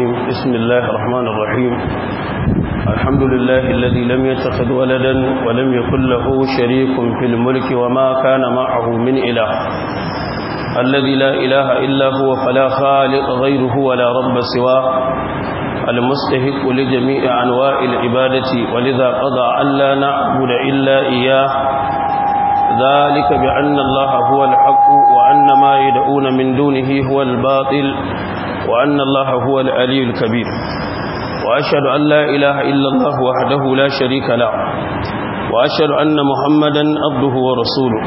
الرجيم بسم الله الرحمن الرحيم الحمد لله الذي لم يتخذ ولدا ولم يكن له شريك في الملك وما كان معه من إله الذي لا إله إلا هو فلا خالق غيره ولا رب سواه المستهق لجميع أنواع العبادة ولذا قضى أن لا نعبد إلا إياه ذلك بأن الله هو الحق وأن ما يدعون من دونه هو الباطل وأن الله هو العلي الكبير وأشهد أن لا إله إلا الله وحده لا شريك له وأشهد أن محمدا عبده ورسوله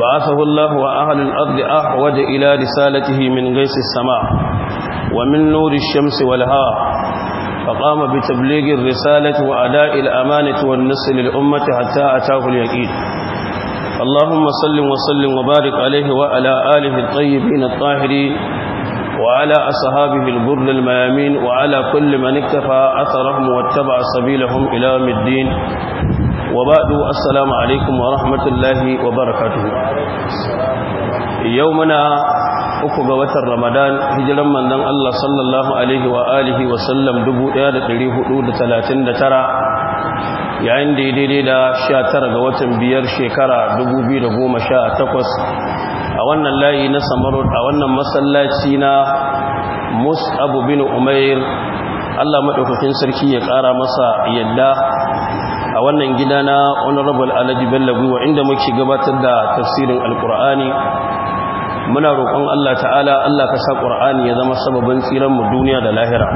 بعثه الله وأهل الأرض أحوج إلى رسالته من غيث السماء ومن نور الشمس والهاء فقام بتبليغ الرسالة وأداء الأمانة والنصر للأمة حتى أتاه اليقين اللهم صل وسلم وبارك عليه وعلى آله الطيبين الطاهرين وعلى أصحابه الغر الميامين وعلى كل من اكتفى أثرهم واتبع سبيلهم إلى الدين وبعد السلام عليكم ورحمة الله وبركاته يومنا uku ga watan Ramadan hijiran manzon Allah sallallahu alaihi wa alihi wa sallam 1439 yayin da daidai da 19 ga watan biyar shekara 2018 a wannan layi na samaru a wannan masallaci na mus'abu bin umair Allah maɗaukakin sarki ya ƙara masa yadda a wannan gida na honorable alhaji bello gwiwa inda muke gabatar da tafsirin alkur'ani muna roƙon Allah ta'ala Allah ka sa ƙur'ani ya zama sababin tsiranmu duniya da lahira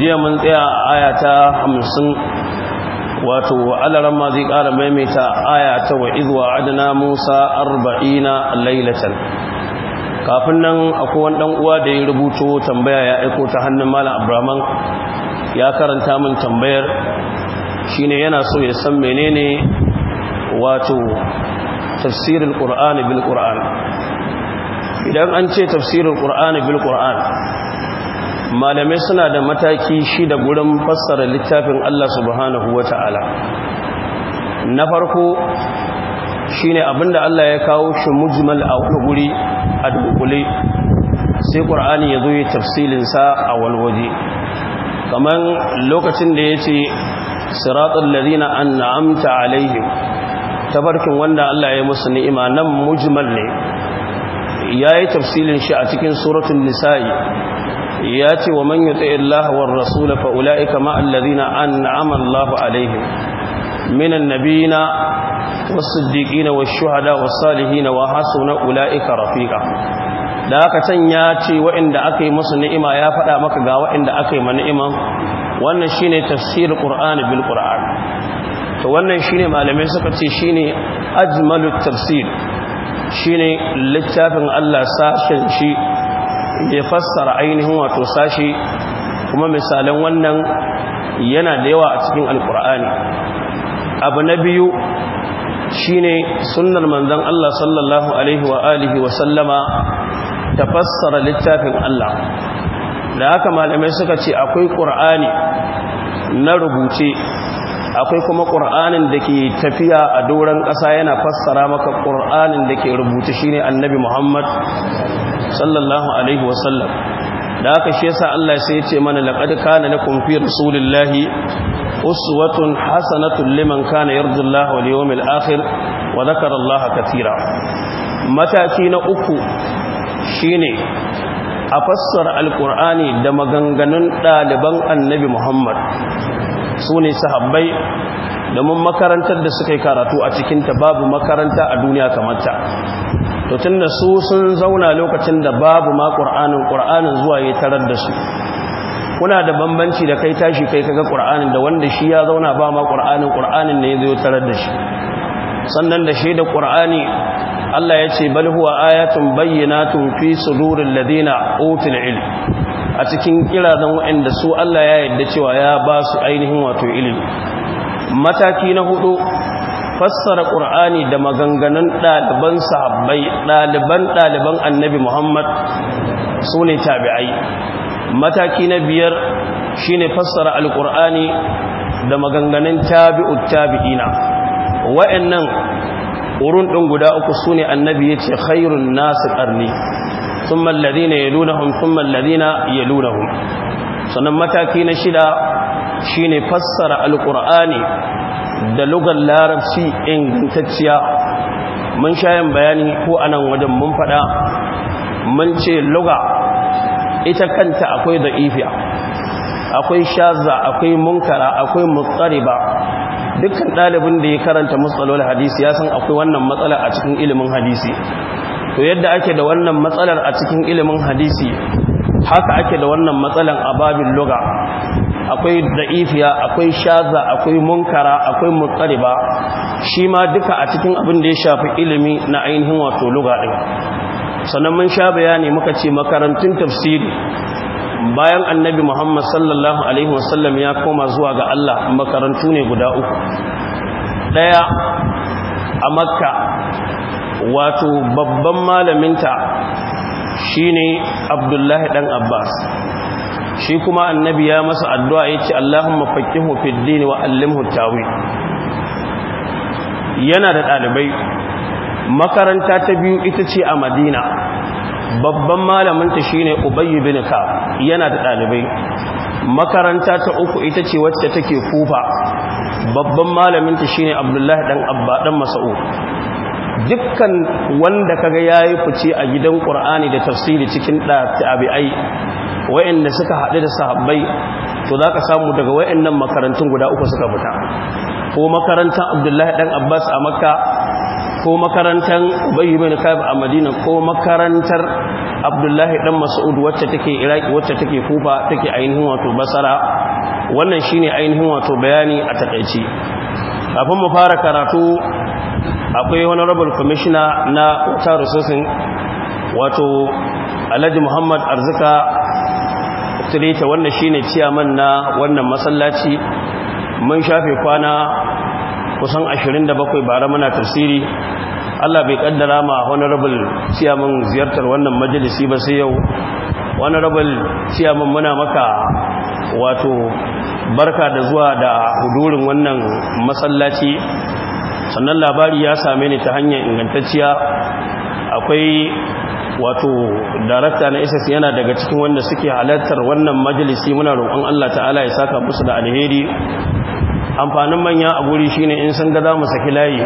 jiya mun tsaya a ayata hamsin wato alaran ma zai ƙara maimaita aya ta wa izuwa adana musa arba'ina lailatan kafin nan akwai wani uwa da ya rubuto tambaya ya aiko ta hannun malam abraman ya karanta min tambayar shine yana so ya san menene wato tafsirin qur'ani bil qur'an idan an ce tafsirin qur'ani bil qur'an malamai suna da mataki shi da gurin fassara littafin Allah subhanahu wa ta'ala na farko shi ne abinda Allah ya kawo shi mujimal a guri a dubukule sai ƙur'ani ya zo yi tafsilinsa a walwaje kamar lokacin da ya ce siratun lalina an na'amta alaihim tabarkin wanda Allah ya musu ni'ima nan mujimal ne ya yi tafsilin shi a cikin suratun nisa'i ya ce wa man yuti Allah war rasul fa ulaika ma alladhina Allah alaihim minan nabiyina was-siddiqina wash-shuhada was-salihina wa na ulaika rafiqa da aka can ya ce waɗanda aka yi musu ni'ima ya faɗa maka ga waɗanda aka yi ma ni'iman wannan shine tafsirul qur'ani bil qur'an to wannan ne malamai suka ce shine ajmalut tafsir ne littafin Allah sashen shi ya fassara ainihin wato sashi kuma misalan wannan yana da yawa a cikin alkur'ani abu na biyu shine sunnar manzon Allah sallallahu alaihi wa alihi wa sallama ta fassara littafin Allah da haka malamai suka ce akwai ƙur'ani na rubuce akwai kuma ƙur'anin da ke tafiya a doron ƙasa yana fassara maka ƙur'anin da ke rubuce shine annabi muhammad sallallahu alaihi wasallam da aka shi yasa Allah sai ya ce mana laqad kana lakum fi rasulillahi uswatun liman kana yarjullaha wal yawmil akhir wa dhakara Allah katira mataki na uku shine a fassara alqur'ani da maganganun daliban annabi Muhammad sune sahabbai domin makarantar da suka yi karatu a cikinta babu makaranta a duniya kamata to tun da su sun zauna lokacin da babu ma ƙur'anin ƙur'anin zuwa ya tarar da su kuna da bambanci da kai tashi kai kaga ƙur'anin da wanda shi ya zauna ba ma ƙur'anin ƙur'anin ne zai tarar da shi sannan da shi da ƙur'ani Allah ya ce bal huwa ayatun bayyinatun fi sudurin ladina utul ilm a cikin kirazan waɗanda su Allah ya yarda cewa ya ba su ainihin wato ilimi mataki na hudu fassara ƙur'ani da maganganun ɗaliban sahabbai ɗaliban ɗaliban annabi muhammad su ne tabi'ai mataki na biyar shine fassara alƙur'ani da maganganun tabi'ut tabi'ina wa'annan wurin ɗin guda uku su ne annabi ya ce khairun nasu ƙarni sun mallari na yalu sun mallari na sannan mataki na shida Shi ne fassara Alƙur'ani da lugar larabci ingantacciya mun shayin bayani ko a nan wajen mun fada mun ce luga ita kanta akwai ifiya akwai shaza akwai munkara akwai mutsariba dukkan ɗalibin da ya karanta matsalolin hadisi ya san akwai wannan matsala a cikin ilimin hadisi to yadda ake da wannan matsalar a cikin ilimin hadisi haka ake da wannan matsalar a babin luga akwai da'ifiya akwai shaza akwai munkara akwai mutsariba shi ma duka a cikin abin da ya shafi ilimi na ainihin wato luga ɗin sannan mun sha bayani muka ce makarantun tafsiri bayan annabi muhammad sallallahu alaihi wasallam ya koma zuwa ga allah makarantu ne guda uku ɗaya a makka wato babban malaminta shine abdullahi dan abbas shi kuma annabi ya masa addu'a ya ce Allahumma faqihu fid ne wa allimhu tawil yana da ɗalibai makaranta ta biyu ita ce a Madina babban malaminta shi ne Ubay bin Ka yana da ɗalibai makaranta ta uku ita ce wacce take Kufa babban malaminta shi ne Abdullahi ɗan Abba dan Mas'ud dukkan wanda kaga yi fice a gidan ƙur'ani da tafsiri cikin ɗabi'ai wa'anda suka haɗu da sahabbai to za ka samu daga wa'annan makarantun guda uku suka fita ko makarantar abdullahi ɗan abbas a makka ko makarantar ubayi bin kaif a madina ko makarantar abdullahi ɗan mas'ud wacce take iraki wacce take kufa take ainihin wato basara wannan shine ainihin wato bayani a takaici kafin mu fara karatu akwai honorable commissioner na water resources wato alhaji muhammad arzika moderator wannan shine ciyaman na wannan masallaci mun shafe kwana kusan ashirin da 27 bara muna tafsiri Allah bai kaddara ma honorable ciyaman ziyartar wannan majalisi ba sai yau honorable ciyaman muna maka wato barka da zuwa da hudurin wannan masallaci sannan labari ya same ni ta hanyar ingantacciya akwai wato darakta na ss yana daga cikin wanda suke halartar wannan majalisi muna roƙon allah ta'ala ya saka musu da alheri amfanin manya a guri shine in san ga za mu saki layi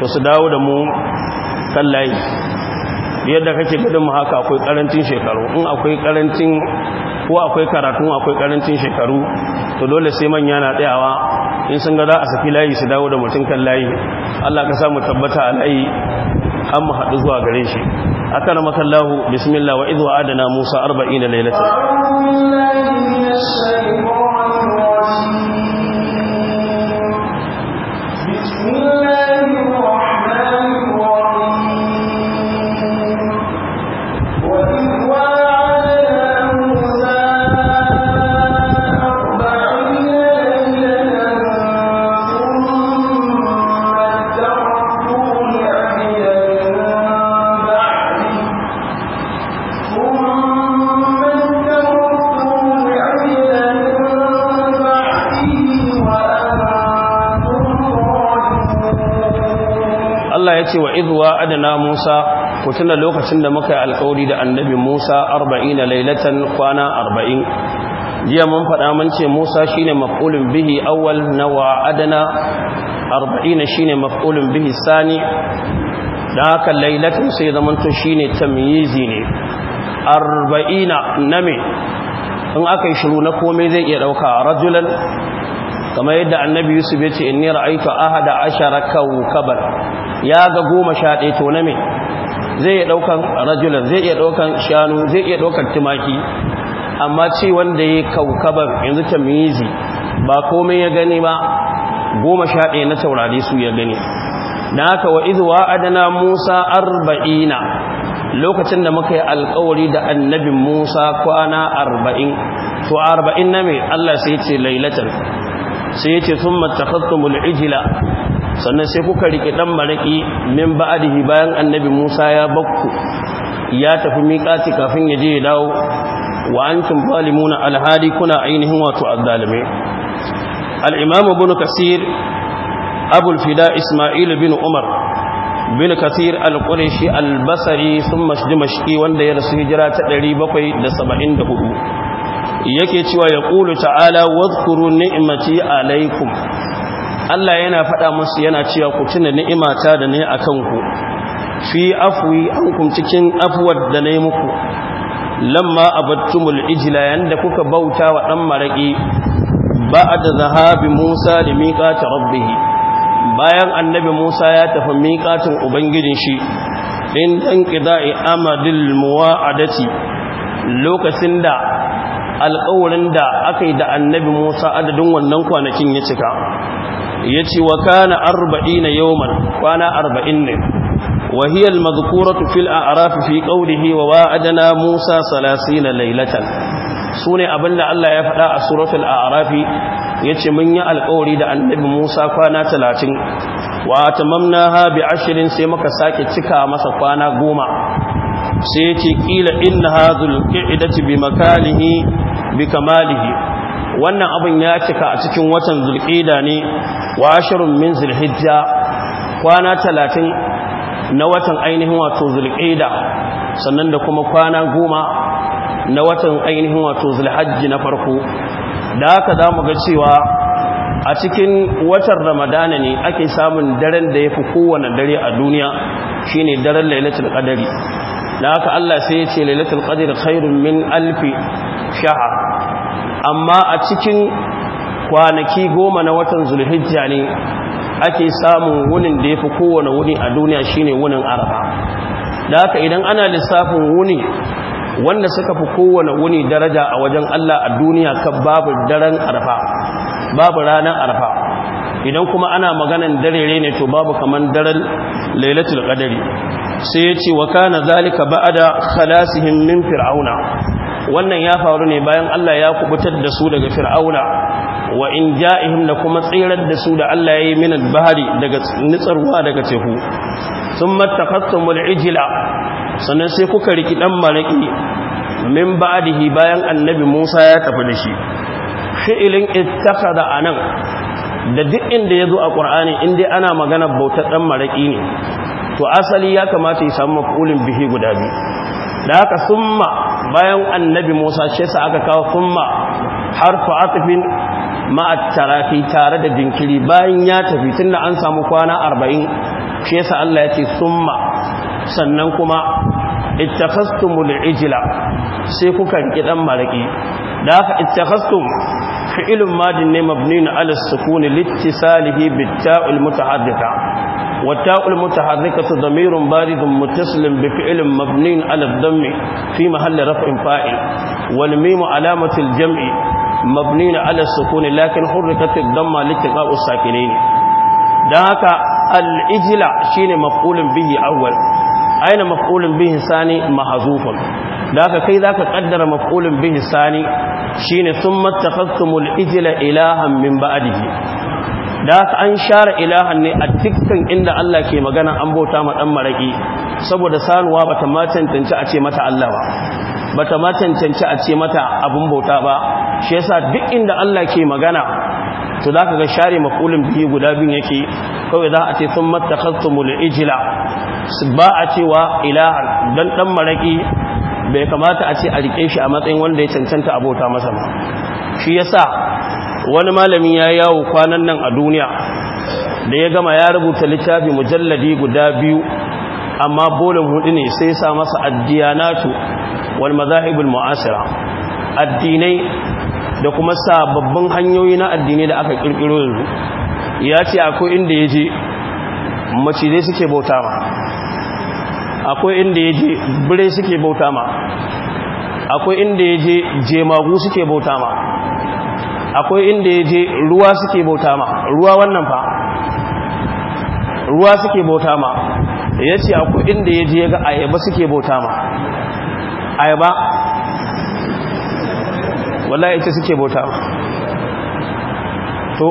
to su dawo da mu kan layi yadda kake gudun haka akwai karantin shekaru in akwai karantin ko akwai karatu akwai karancin shekaru to dole sai manya na tsayawa in sun ga a safi layi su dawo da mutum kan layi Allah ka samu tabbata a layi an mu haɗu zuwa gare shi akan makallahu bismillah wa izuwa adana musa da lailata. ce wa idwa adana Musa ku tuna lokacin da muka yi alƙawari da annabi Musa 40 lailatan kwana 40 jiya mun faɗa mun ce Musa shine maf'ulun bihi awwal na wa adana 40 shine maf'ulun bihi sani da haka lailatan sai zamanto shine tamyizi ne 40 na me in aka yi shiru na komai zai iya ɗauka rajulan kamar yadda annabi yusuf ya ce inni ra'aitu ahada ashara kawkaban ya ga goma sha ɗaya to na me zai iya ɗaukan rajulan zai iya ɗaukan shanu zai iya ɗaukan tumaki amma ce wanda ya kawkaban yanzu ta mizi ba komai ya gani ba goma sha ɗaya na taurari su ya gani na haka wa izu wa'adana musa arba'ina lokacin da muka yi alkawari da annabin musa kwana arba'in to arba'in na mai allah sai ce lailatar sai yace thumma takhassamul ijila sannan sai kuka rike dan maraki min ba'dihi bayan annabi Musa ya bakku ya tafi miƙati kafin ya je ya dawo wa antum zalimuna alhadi kuna ainihin wato azzalime al-imam ibn kasir abul fida isma'il bin umar bin kasir al-qurashi al-basri thumma dimashqi wanda ya rasu hijira ta 774 yake cewa ya ƙulu ta'ala wadhkuru ni'imati alaikum Allah yana faɗa musu yana cewa ku tuna ni'imata da ne a kanku fi afwi ankum cikin afwar da ne muku lamma abattumul ijla yanda kuka bauta wa dan maraki da zahabi Musa li miqati rabbih bayan annabi Musa ya tafi miqatin ubangijin shi in dan qida'i amadil muwa'adati lokacin da alƙawarin da aka yi da annabi Musa adadin wannan kwanakin ya cika ya ce wa kana na yawman kwana arba'in ne Wahiyar hiya al a fil a'raf fi wa adana Musa 30 laylatan sune abinda Allah ya faɗa a suratul Ya yace mun yi alƙawari da annabi Musa kwana talatin. wa mamna bi ashirin sai muka sake cika masa kwana goma. sai yace kila inna hadhul qa'idati bi makalihi. bi kamalihi wannan abin ya cika a cikin watan zulqida ne wa ashrun min zulhijja kwana 30 na watan ainihin wato zulqida sannan da kuma kwana 10 na watan ainihin wato zulhajji na farko da haka zamu ga cewa a cikin watan ramadana ne ake samun daren da yafi kowane dare a duniya shine daren lailatul qadari da haka Allah sai ya ce lailatul qadri khairun min alfi Shaha amma a cikin kwanaki goma na watan zulhijja ne ake samun wunin da ya fi kowane wuni a duniya shine wunin arba da haka idan ana lissafin wuni wanda suka fi kowane wuni daraja a wajen Allah a duniya kan babu daren babu ranar arfa idan kuma ana maganan darere ne to babu kamar daren lailatul qadari sai ce wa kana zalika ba'da khalasihim min fir'auna wannan ya faru ne bayan Allah ya kubutar da su daga fir'auna wa in ja'ihim da kuma tsirar da su da Allah ya yi min bahari daga nitsarwa daga teku thumma taqattumul ijla sannan sai kuka riki dan maraki min ba'dihi bayan annabi Musa ya tafi da shi fi'ilin ittakhadha anan da duk inda yazo a Qur'ani indai ana magana bautar dan maraki ne to asali ya kamata ya samu maf'ulin bihi guda biyu da haka summa bayan annabi musa shi sa aka kawo kuma harfa atufin ma'a tarafi tare da jinkiri bayan ya tafi tunda an samu kwana arba'in shi sa allah ya ce summa sannan kuma ittakhastumul ijla sai kuka riƙi ɗan da haka ittakhastum fi'ilun madin ne mabnin ala sukuni littisalihi ta'il mutahaddita والتاء المتحركة ضمير بارد متصل بفعل مبني على الضم في محل رفع فاعل والميم علامة الجمع مبني على السكون لكن حركت الضم لاتقاء الساكنين ذاك الإجلة شين مفعول به أول أين مفعول به ثاني محذوف ذاك كي ذاك قدر مفعول به ثاني شين ثم اتخذتم الإجلة إلها من بعده da haka an share ilahan ne a dukkan inda Allah ke magana an bauta ma dan maraki saboda sanuwa bata ma tantance a ce mata Allah ba bata ma tantance a ce mata abun bauta ba shi yasa duk inda Allah ke magana to za ka ga share makulin biyu guda biyun yake kawai za a ce sun matakastumul ijila ba a cewa ilahan don dan maraƙi bai kamata a ce a riƙe shi a matsayin wanda ya cancanta abota masa ba shi ya wani malami ya yawo kwanan nan a duniya da ya gama ya rubuta littafi mujalladi guda biyu amma bolin hudu ne sai ya sa masa addiyanatu wal mazahibul mu'asira addinai da kuma sababbin hanyoyi na addinai da aka kirkiro yanzu ya ce akwai inda ya je macizai suke bauta ma akwai inda ya je bire suke bauta ma akwai inda ya je jemagu suke bauta ma akwai inda ya je ruwa suke bauta ma ruwa wannan fa ruwa suke bauta ma ya ce akwai inda ya je ga ayaba suke bauta ma ayaba wala ita suke bauta ma to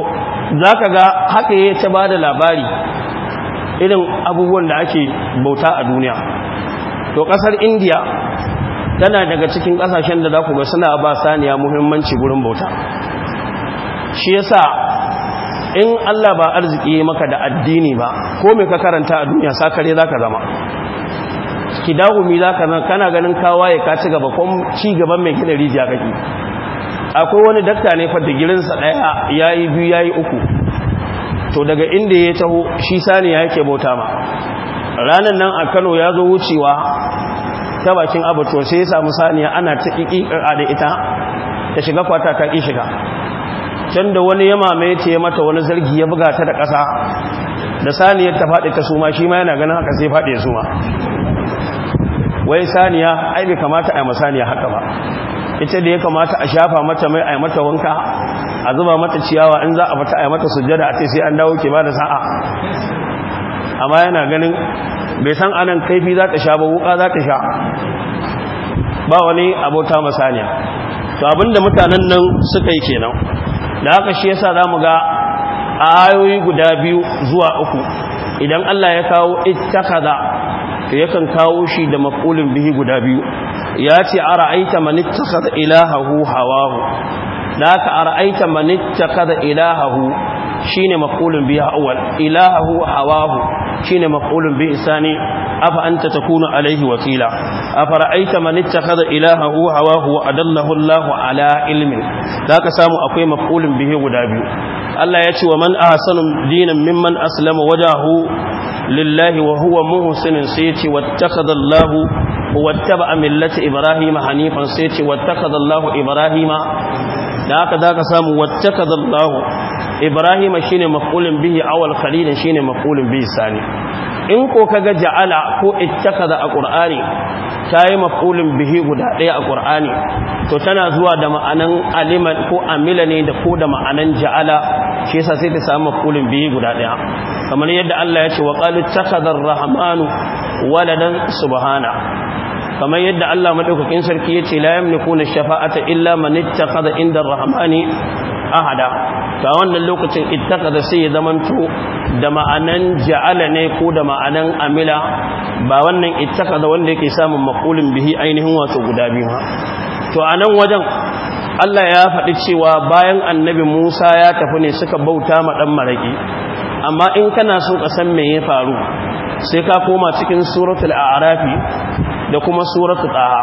za ka ga haka ya ta ba da labari irin abubuwan da ake bauta a duniya to kasar indiya tana daga cikin kasashen da za ku ga suna ba saniya muhimmanci gurin bauta shi yasa in Allah ba arziki maka da addini ba ko me ka karanta a duniya sakare zaka zama mi zaka zama kana ganin ya ka ci gaba ko ci gaban mai gina rijiya kake akwai wani dakta ne fa digirinsa daya yayi biyu yayi uku to daga inda ya taho shi sani yake bauta ma ranan nan a Kano ya zo wucewa ta bakin abu to sai ya samu saniya ana ta kiki da ita ta shiga kwata ta ki shiga can da wani ya mamaye ce mata wani zargi ya buga ta da ƙasa da saniyar ta faɗi ta suma shi ma yana ganin haka sai faɗi ya suma wai saniya ai bai kamata a yi masaniya haka ba ita da ya kamata a shafa mata mai a yi mata wanka a zuba mata ciyawa in za a fata a yi mata sujjada a ce sai an dawo ke ba da sa'a amma yana ganin bai san anan kaifi za ta sha ba wuka za ta sha ba wani abota masaniya to abinda mutanen nan suka yi kenan da haka shi yasa za mu ga ayoyi guda biyu zuwa uku idan Allah ya kawo to yakan kawo shi da maf'ulin bihi guda biyu ya ce ara'aita man ittakhadha ilahahu hawahu da haka ara'aita man ittakhadha ilahahu shine maf'ulun bihi awwal ilahu hawahu shine maf'ulun bi isani afa anta takunu alaihi wakila A afara'aita man ittakhadha ilahahu hawahu wa adallahu Allah ala ilmin zaka samu akwai maf'ulun bihi guda biyu Allah ya ce wa man ahsanu dinan mimman aslama wajahu lillahi wa huwa muhsinun sai ya ce wattakhadha Allah a millata Ibrahim hanifan sai ya ce wattakhadha Allah Ibrahim. da haka za ka samu wacce ka zallahu ibrahim shine maf'ulun bihi awal shi shine maf'ulun bihi sani in ko ka ga ja'ala ko ittakaza a ta yi maf'ulun bihi guda ɗaya a qur'ani to tana zuwa da ma'anan aliman ko amila ne da ko da ma'anan ja'ala shi yasa sai ta samu maf'ulun bihi guda ɗaya kamar yadda Allah ya ce wa qalu ittakaza ar-rahmanu waladan subhana kamar yadda Allah madaukakin sarki yace la yamlikuna shafa'ata illa man ittakhadha inda ar-rahmani ahada ta wannan lokacin ittakhadha sai zamanto da ma'anan ja'ala ne ko da ma'anan amila ba wannan ittakhadha wanda yake samun maqulun bihi ainihin wato guda biyu ha to anan wajen Allah ya faɗi cewa bayan annabi Musa ya tafi ne suka bauta ma dan maraki amma in kana so ka san me ya faru sai ka koma cikin suratul a'rafi da kuma suratu taha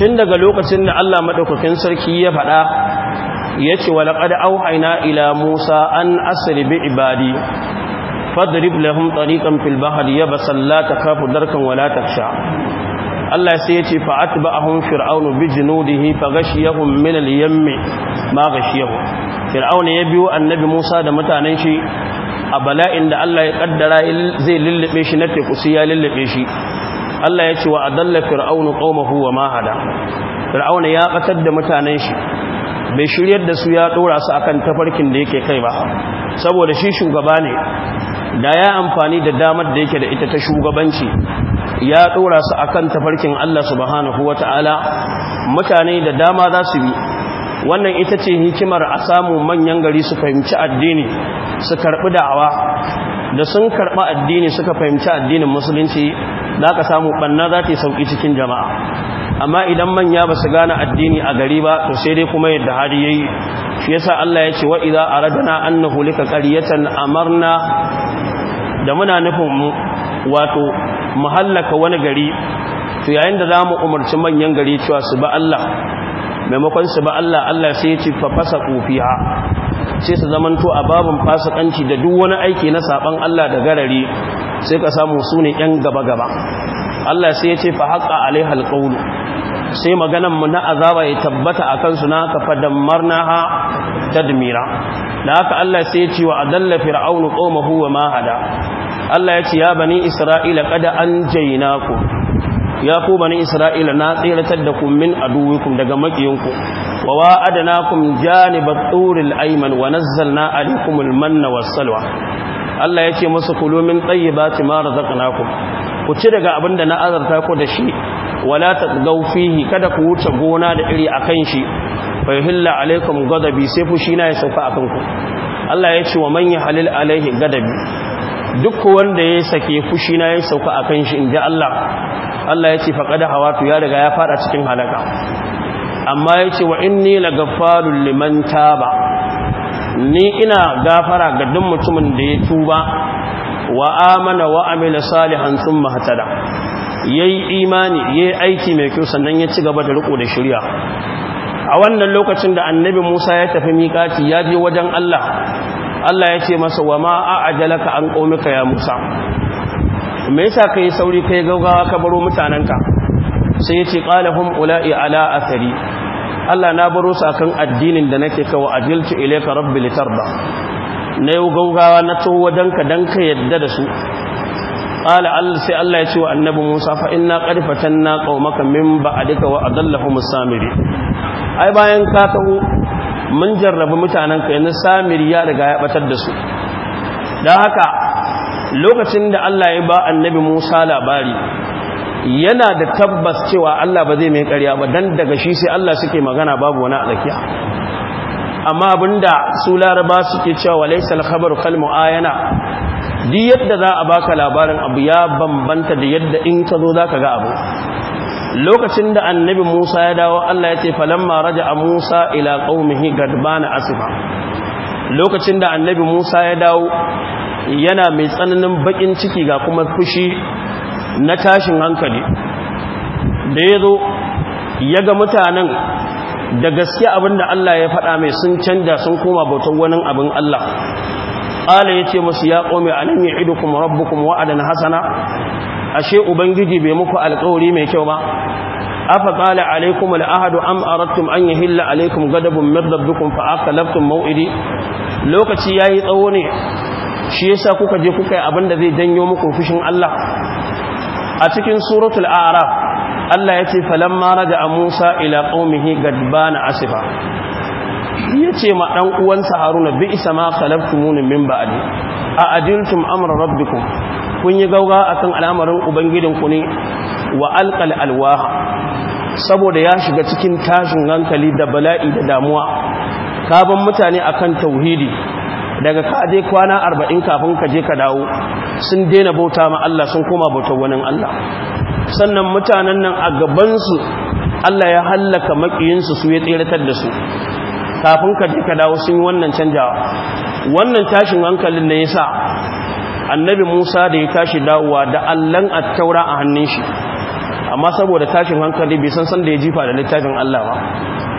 tun daga lokacin da Allah madaukakin sarki ya faɗa yace walaqad auhayna ila musa an asri bi ibadi fadrib lahum tariqan fil bahri yabsan la takafu darkan wala taksha Allah sai yace fa atba'ahum fir'aunu bi junudihi faghashiyahum min al-yammi ma ghashiyahum fir'aun ya biyo annabi Musa da mutanen shi a bala'in da Allah ya kaddara zai lullube shi na teku sai ya lullube shi Allah ya ce wa adalla fir'aunu qaumahu wa ma hada fir'auna ya katar da mutanen shi bai shiryar da su ya dora su akan tafarkin da yake kai ba saboda shi shugaba ne da ya amfani da damar da yake da ita ta shugabanci ya dora su akan tafarkin Allah subhanahu wataala mutane da dama za su bi wannan ita ce hikimar a samu manyan gari su fahimci addini su karbi da'awa da sun karɓi addini suka fahimci addinin musulunci za ka samu banna za ta yi sauƙi cikin jama'a amma idan manya ba su gane addini a gari ba to sai dai kuma yadda hari ya yi shi yasa Allah ya ce wa idza aradna an nuhlika qaryatan amarna da muna nufin wato mahallaka wani gari to yayin da zamu umarci manyan gari cewa su ba Allah maimakon su ba Allah Allah sai ya ce fa fasaqu fiha sai su zamanto a babun fasakanci da duk wani aiki na saban Allah da garari sai ka samu su ne ‘yan gaba-gaba Allah sai ya ce fa haƙa alaihal ƙaunu sai maganarmu mu na azaba ya tabbata a kansu na haka fadammar na ha tadmira da haka Allah sai ya ce wa adalla fir'aunu qaumahu wa ma hada Allah ya ce ya bani isra'ila qad anjaynakum ya ku bani isra'ila na tsiratar da ku min aduwikum daga makiyinku wa wa'adnakum ba tsorin aiman wa nazzalna alaykumul manna wasalwa Allah ya ce musu kulu min tayyibati ma razaqnakum ku ci daga abin da na azarta ku da shi wala taqaw fihi kada ku wuce gona da iri akan shi fa yuhilla alaikum ghadabi sai fushi na ya sauka akan ku Allah ya ce wa man yahlil alaihi ghadabi duk wanda ya sake fushi na ya sauka akan shi inda Allah Allah ya ce faqad hawatu ya riga ya fada cikin halaka amma ya ce wa inni lagaffarul liman taba ni ina gafara ga duk mutumin da ya tuba wa amana wa amila salihan thumma hatada yayi imani yayi aiki mai kyau sannan ya ci gaba da riko da shari'a a wannan lokacin da annabi Musa ya tafi miƙati ya je wajen Allah Allah ya ce masa wa ma a'ajalaka an qaumika ya Musa me yasa kai sauri kai gaugawa ka baro mutanen ka? sai ya ce qalahum ula'i ala athari Allah na baro su akan addinin da nake kawo ajilci ilayka rabbi litarda na yau gaugawa na taho ka danka ka yadda da su qala Allah sai Allah ya ce wa annabi Musa fa inna qad fatanna qaumaka min ba'dika wa adallahum samiri ai bayan ka taho mun jarrabi mutanenka yanzu samiri ya riga ya batar da su dan haka lokacin da Allah ya ba annabi Musa labari yana da tabbas cewa Allah ba zai mai ƙarya ba don daga shi sai Allah suke magana babu wani a tsakiya amma abinda su laraba suke cewa walaisa al-khabaru kal muayana di yadda za a baka labarin abu ya bambanta da yadda in ka zo zaka ga abu lokacin da annabi Musa ya dawo Allah ya ce falamma a Musa ila qaumihi gadbana asifa lokacin da annabi Musa ya dawo yana mai tsananin bakin ciki ga kuma fushi na tashin hankali da ya zo ya ga mutanen da gaske abin da Allah ya faɗa mai sun canja sun koma bautar wani abin Allah ala ya ce musu ya ƙome nan ya idu kuma rabu kuma wa'adan hasana ashe ubangiji bai muku alƙawari mai kyau ba afa ƙala alaikum al'ahadu am arattum an yi hilla alaikum gadabun mirdabbikum fa aka laftun mau'idi lokaci ya yi tsawo ne shi yasa kuka je kuka yi abin da zai janyo muku fushin Allah a cikin suratul araf Allah ya ce falamma raja Musa ila qaumihi gadbana asifa yace ma dan uwansa Haruna bi isa ma khalaftumun min ba'di a ajiltum amra rabbikum kun yi gauga akan al'amarin ku ne wa alqal alwaha saboda ya shiga cikin tashin hankali da bala'i da damuwa kaban mutane akan tauhidi daga ka je kwana arba'in kafin ka je ka dawo sun daina bauta ma Allah sun koma bautar wani Allah sannan mutanen nan a gabansu Allah ya hallaka makiyinsu su ya tseratar da su kafin ka je ka dawo sun yi wannan canjawa wannan tashin hankalin da ya sa annabi musa da ya tashi dawowa da allan taura a hannun shi amma saboda tashin hankali bai san san ya jifa da littafin Allah ba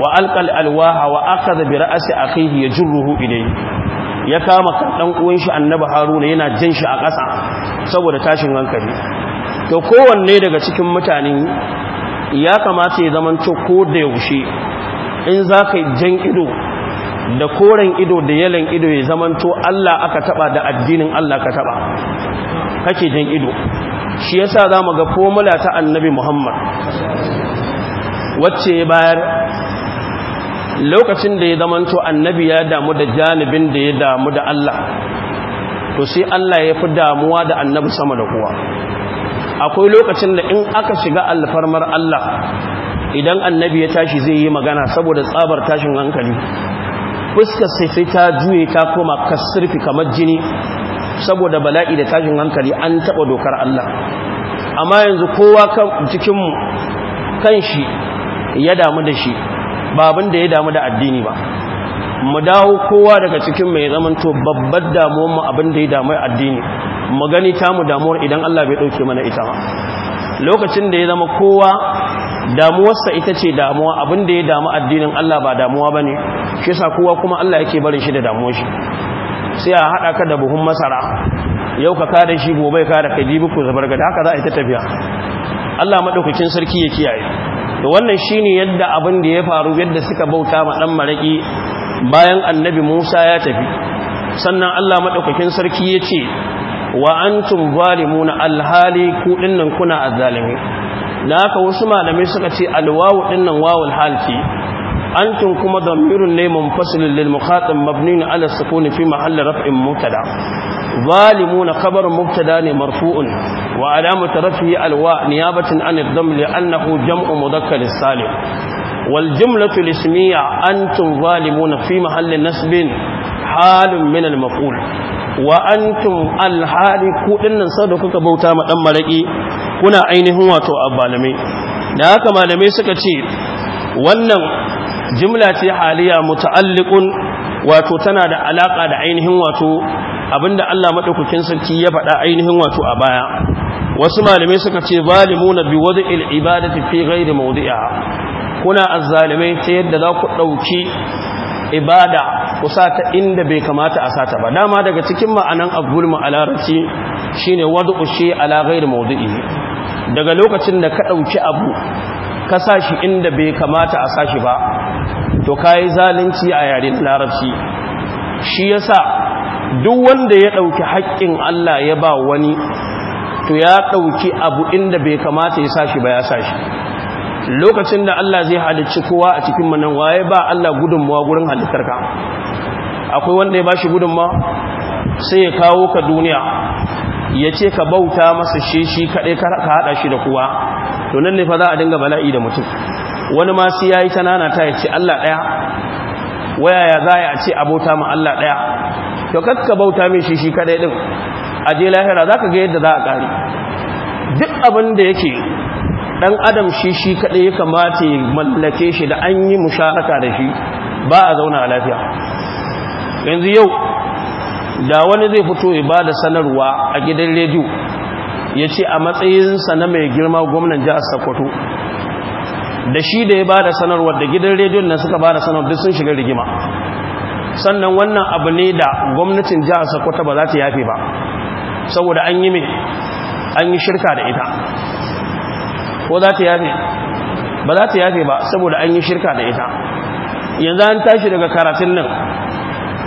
wa alqal alwaha wa akhadha bi ra'si akhihi yajruhu ilayhi ya kama kan dan uwan shi annabi haruna yana jan shi a ƙasa saboda tashin hankali to kowanne daga cikin mutane ya kamata ya to ko da yaushe in za ka jan ido da koren ido da yalan ido ya zamanto Allah aka taba da addinin Allah ka taba kake jan ido shi yasa zamu ga fomula ta annabi Muhammad wacce ya bayar lokacin da ya zamanto annabi ya damu da janibin da ya damu da Allah to sai Allah ya fi damuwa da annabi sama da kowa akwai lokacin da in aka shiga alfarmar Allah idan annabi ya tashi zai yi magana saboda tsabar tashin hankali fuskar sai sai ta juye ta koma kasirfi kamar jini saboda bala'i da tashin hankali an taɓa dokar Allah amma yanzu kowa cikin kan shi ya damu da shi ba abin da ya damu da addini ba mu dawo kowa daga cikin mai zamanto babbar damuwar mu abin da ya damu addini mu gani ta mu damuwar idan Allah bai dauke mana ita ba lokacin da ya zama kowa damuwarsa ita ce damuwa abin da ya damu addinin Allah ba damuwa bane shi yasa kowa kuma Allah yake barin shi da damuwar shi sai a haɗa ka da buhun masara yau ka kada shi gobe ka da kadi buku zabar haka za a yi ta tafiya Allah madaukakin sarki ya kiyaye to wannan shine yadda abin da ya faru yadda suka bauta ma ɗan maraki bayan annabi Musa ya tafi sannan Allah maɗaukakin sarki ya ce wa antum na alhali ku dinnan kuna azzalimi da aka wasu malamai suka ce alwawu dinnan wawul halki antum kuma damirun ne munfasilun lil mukhatab mabniun ala sukun fi mahall raf'in mutada? ظالمون خبر مبتدا مرفوع وعلامة رفعه الواء نيابة عن الضم لأنه جمع مذكر السالم والجملة الاسمية أنتم ظالمون في محل نسب حال من المفعول وأنتم الحالك إن صدقك بوتا مدام ملئي كنا عينه واتو أبالمي لذلك مالمي سكتي wannan jimla ce haliya muta'alliqun wato tana da alaka da ainihin wato abinda Allah madaukakin sarki ya faɗa ainihin wato a baya wasu malamai suka ce zalimuna bi wad'il ibadati fi ghairi mawdi'iha kuna azzalimai ta yadda za ku dauki ibada ku ta inda bai kamata a sata ba dama daga cikin ma'anan abulmu a shine wad'u shi ala ghairi mawdi'i daga lokacin da ka dauki abu ka sashi inda bai kamata a sashi ba to kai zalunci a yarin larabci shi yasa duk wanda ya ɗauki haƙƙin Allah ya ba wani to ya ɗauki abu inda bai kamata ya sashi ba ya sashi lokacin da Allah zai halicci kowa a cikin manan waye ba Allah gudunmuwa gurin halittarka akwai wanda ya bashi gudunma sai ya kawo ka duniya ya ce ka bauta masa shi shi kaɗai ka haɗa shi da kowa to nan ne fa za a dinga bala'i da mutum wani ma sai yayi tanana ta ya ce Allah ɗaya waya ya za a ce abota ma Allah ɗaya to kakka bauta mai shi shi kadai din aje lahira zaka ga yadda za a kare duk abin da yake dan adam shi shi kadai ya kamata ya mallake shi da an yi musharaka da shi ba a zauna a lafiya yanzu yau da wani zai fito ya ba da sanarwa a gidan rediyo ya ce a matsayinsa na mai girma gwamnan jihar sokoto da shi da ya ba da sanarwar da gidan rediyon nan suka ba da sanarwar duk sun shiga rigima sannan wannan abu ne da gwamnatin jihar sakwata ba za ta yafe ba saboda an yi mai an yi shirka da ita ko za ta yafe ba za ta yafe ba saboda an yi shirka da ita yanzu an tashi daga karatun nan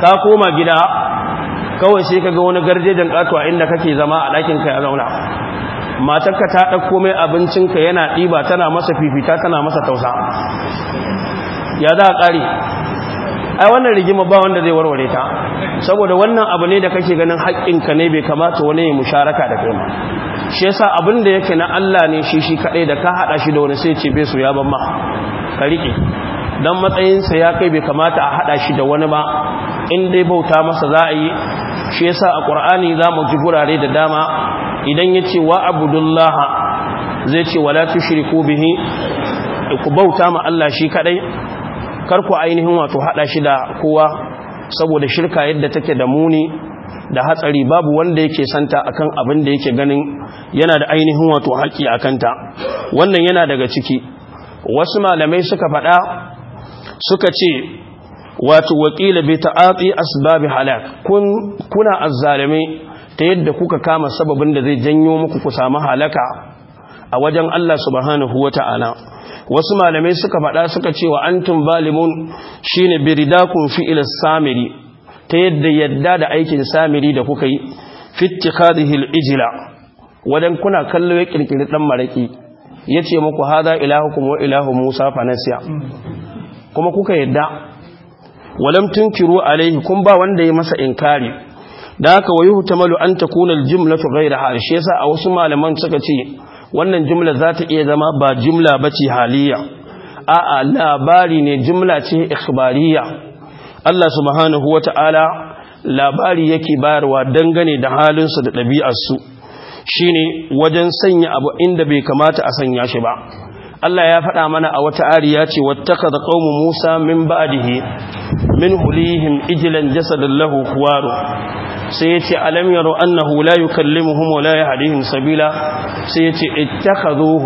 ka koma gida kawai sai ka ga wani garjejen katuwa inda kake zama a ɗakinka ya zauna matarka ta ɗauko mai abincinka yana ɗiba tana masa fifita tana masa tausa ya za a ƙari ai wannan rigima ba wanda zai warware ta saboda wannan abu ne da kake ganin haƙƙinka ne bai kamata wani ya musharaka da kai ma shi yasa abin da yake na Allah ne shi shi kaɗai da ka haɗa shi da wani sai ce bai su ya ban ma ka rike dan matsayin sa ya kai bai kamata a haɗa shi da wani ba in dai bauta masa za a yi shi yasa a ƙur'ani za mu ji gurare da dama idan yace wa abudullaha zai ce wala tushriku bihi ku bauta ma Allah shi kadai. karku ainihin wato hada shi da kowa saboda shirka yadda take da muni da hatsari babu wanda yake santa akan abin da yake ganin yana da ainihin wato haƙi akanta wannan yana daga ciki wasu malamai suka faɗa suka ce wato wakila bi ta'ati asbabi halak kun kuna azzalimi ta yadda kuka kama sababin da zai janyo muku ku samu halaka a wajen Allah subhanahu ta'ala wasu malamai suka faɗa suka ce wa antum balimun shine biridakun fi'il samiri ta yadda yadda da aikin samiri da kuka yi fittikhadhihi al ijila wadan kuna kallo ya kirkiri dan maraki yace muku haza ilahukum wa ilahu musa fanasiya kuma kuka yadda walam tunkiru alaihi kun ba wanda ya masa inkari da aka wayu tamalu an takuna al-jumlatu ghayra har yasa a wasu malaman suka ce wannan jumla za ta iya zama ba jumla ba ce haliya a'a labari ne jumla ce ikhbariya Allah subhanahu wata'ala labari yake bayarwa dangane da halinsu da ɗabi'arsu shine wajen sanya abu inda bai kamata a sanya shi ba Allah ya faɗa mana a wata ariya ce da qaumu Musa min ba'adihi min hulihim ijilan jasadan lahu sai ya ce alam yaro annahu la yukallimuhum wa la yahdihim sabila sai ya ce ittakhaduhu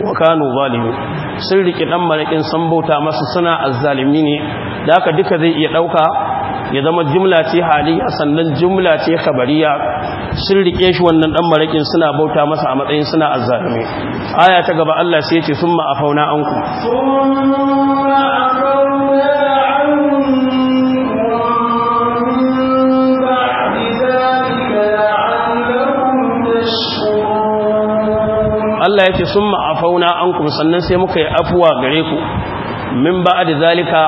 wa kanu zalimi sun riki dan malakin san bauta masa suna zalimi ne da aka duka zai iya ɗauka ya zama jimla ce a sannan jimla ce kabariya. sun rike shi wannan ɗan marakin suna bauta masa a matsayin suna azzalimi aya ta gaba Allah sai ya ce summa afauna anku Allah ya ce sun ma'afauna an kuma sannan sai muka yi afuwa gare ku min ba da zalika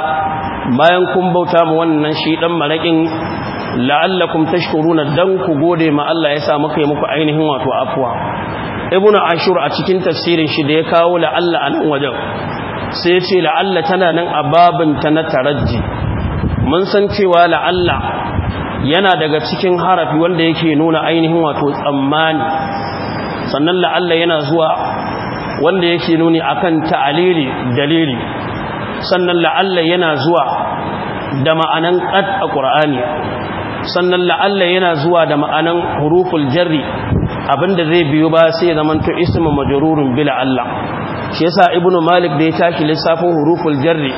bayan kun bauta mu wannan shi dan maraƙin la'allakum tashkuruna dan ku gode ma Allah ya sa muka yi muku ainihin wato afuwa ibnu ashur a cikin tafsirin shi da ya kawo la'alla a wajen sai ya ce la'alla tana nan a ta na taraji mun san cewa la'alla yana daga cikin harafi wanda yake nuna ainihin wato tsammani sannan la'alla yana zuwa wanda yake nuni akan ta'alili dalili sannan la'alla yana zuwa da ma'anan qad a qur'ani sannan la'alla yana zuwa da ma'anan huruful jarri abinda zai biyo ba sai zaman to ismu majrurun bila Allah shi yasa ibnu malik da ya tashi lissafin huruful jarri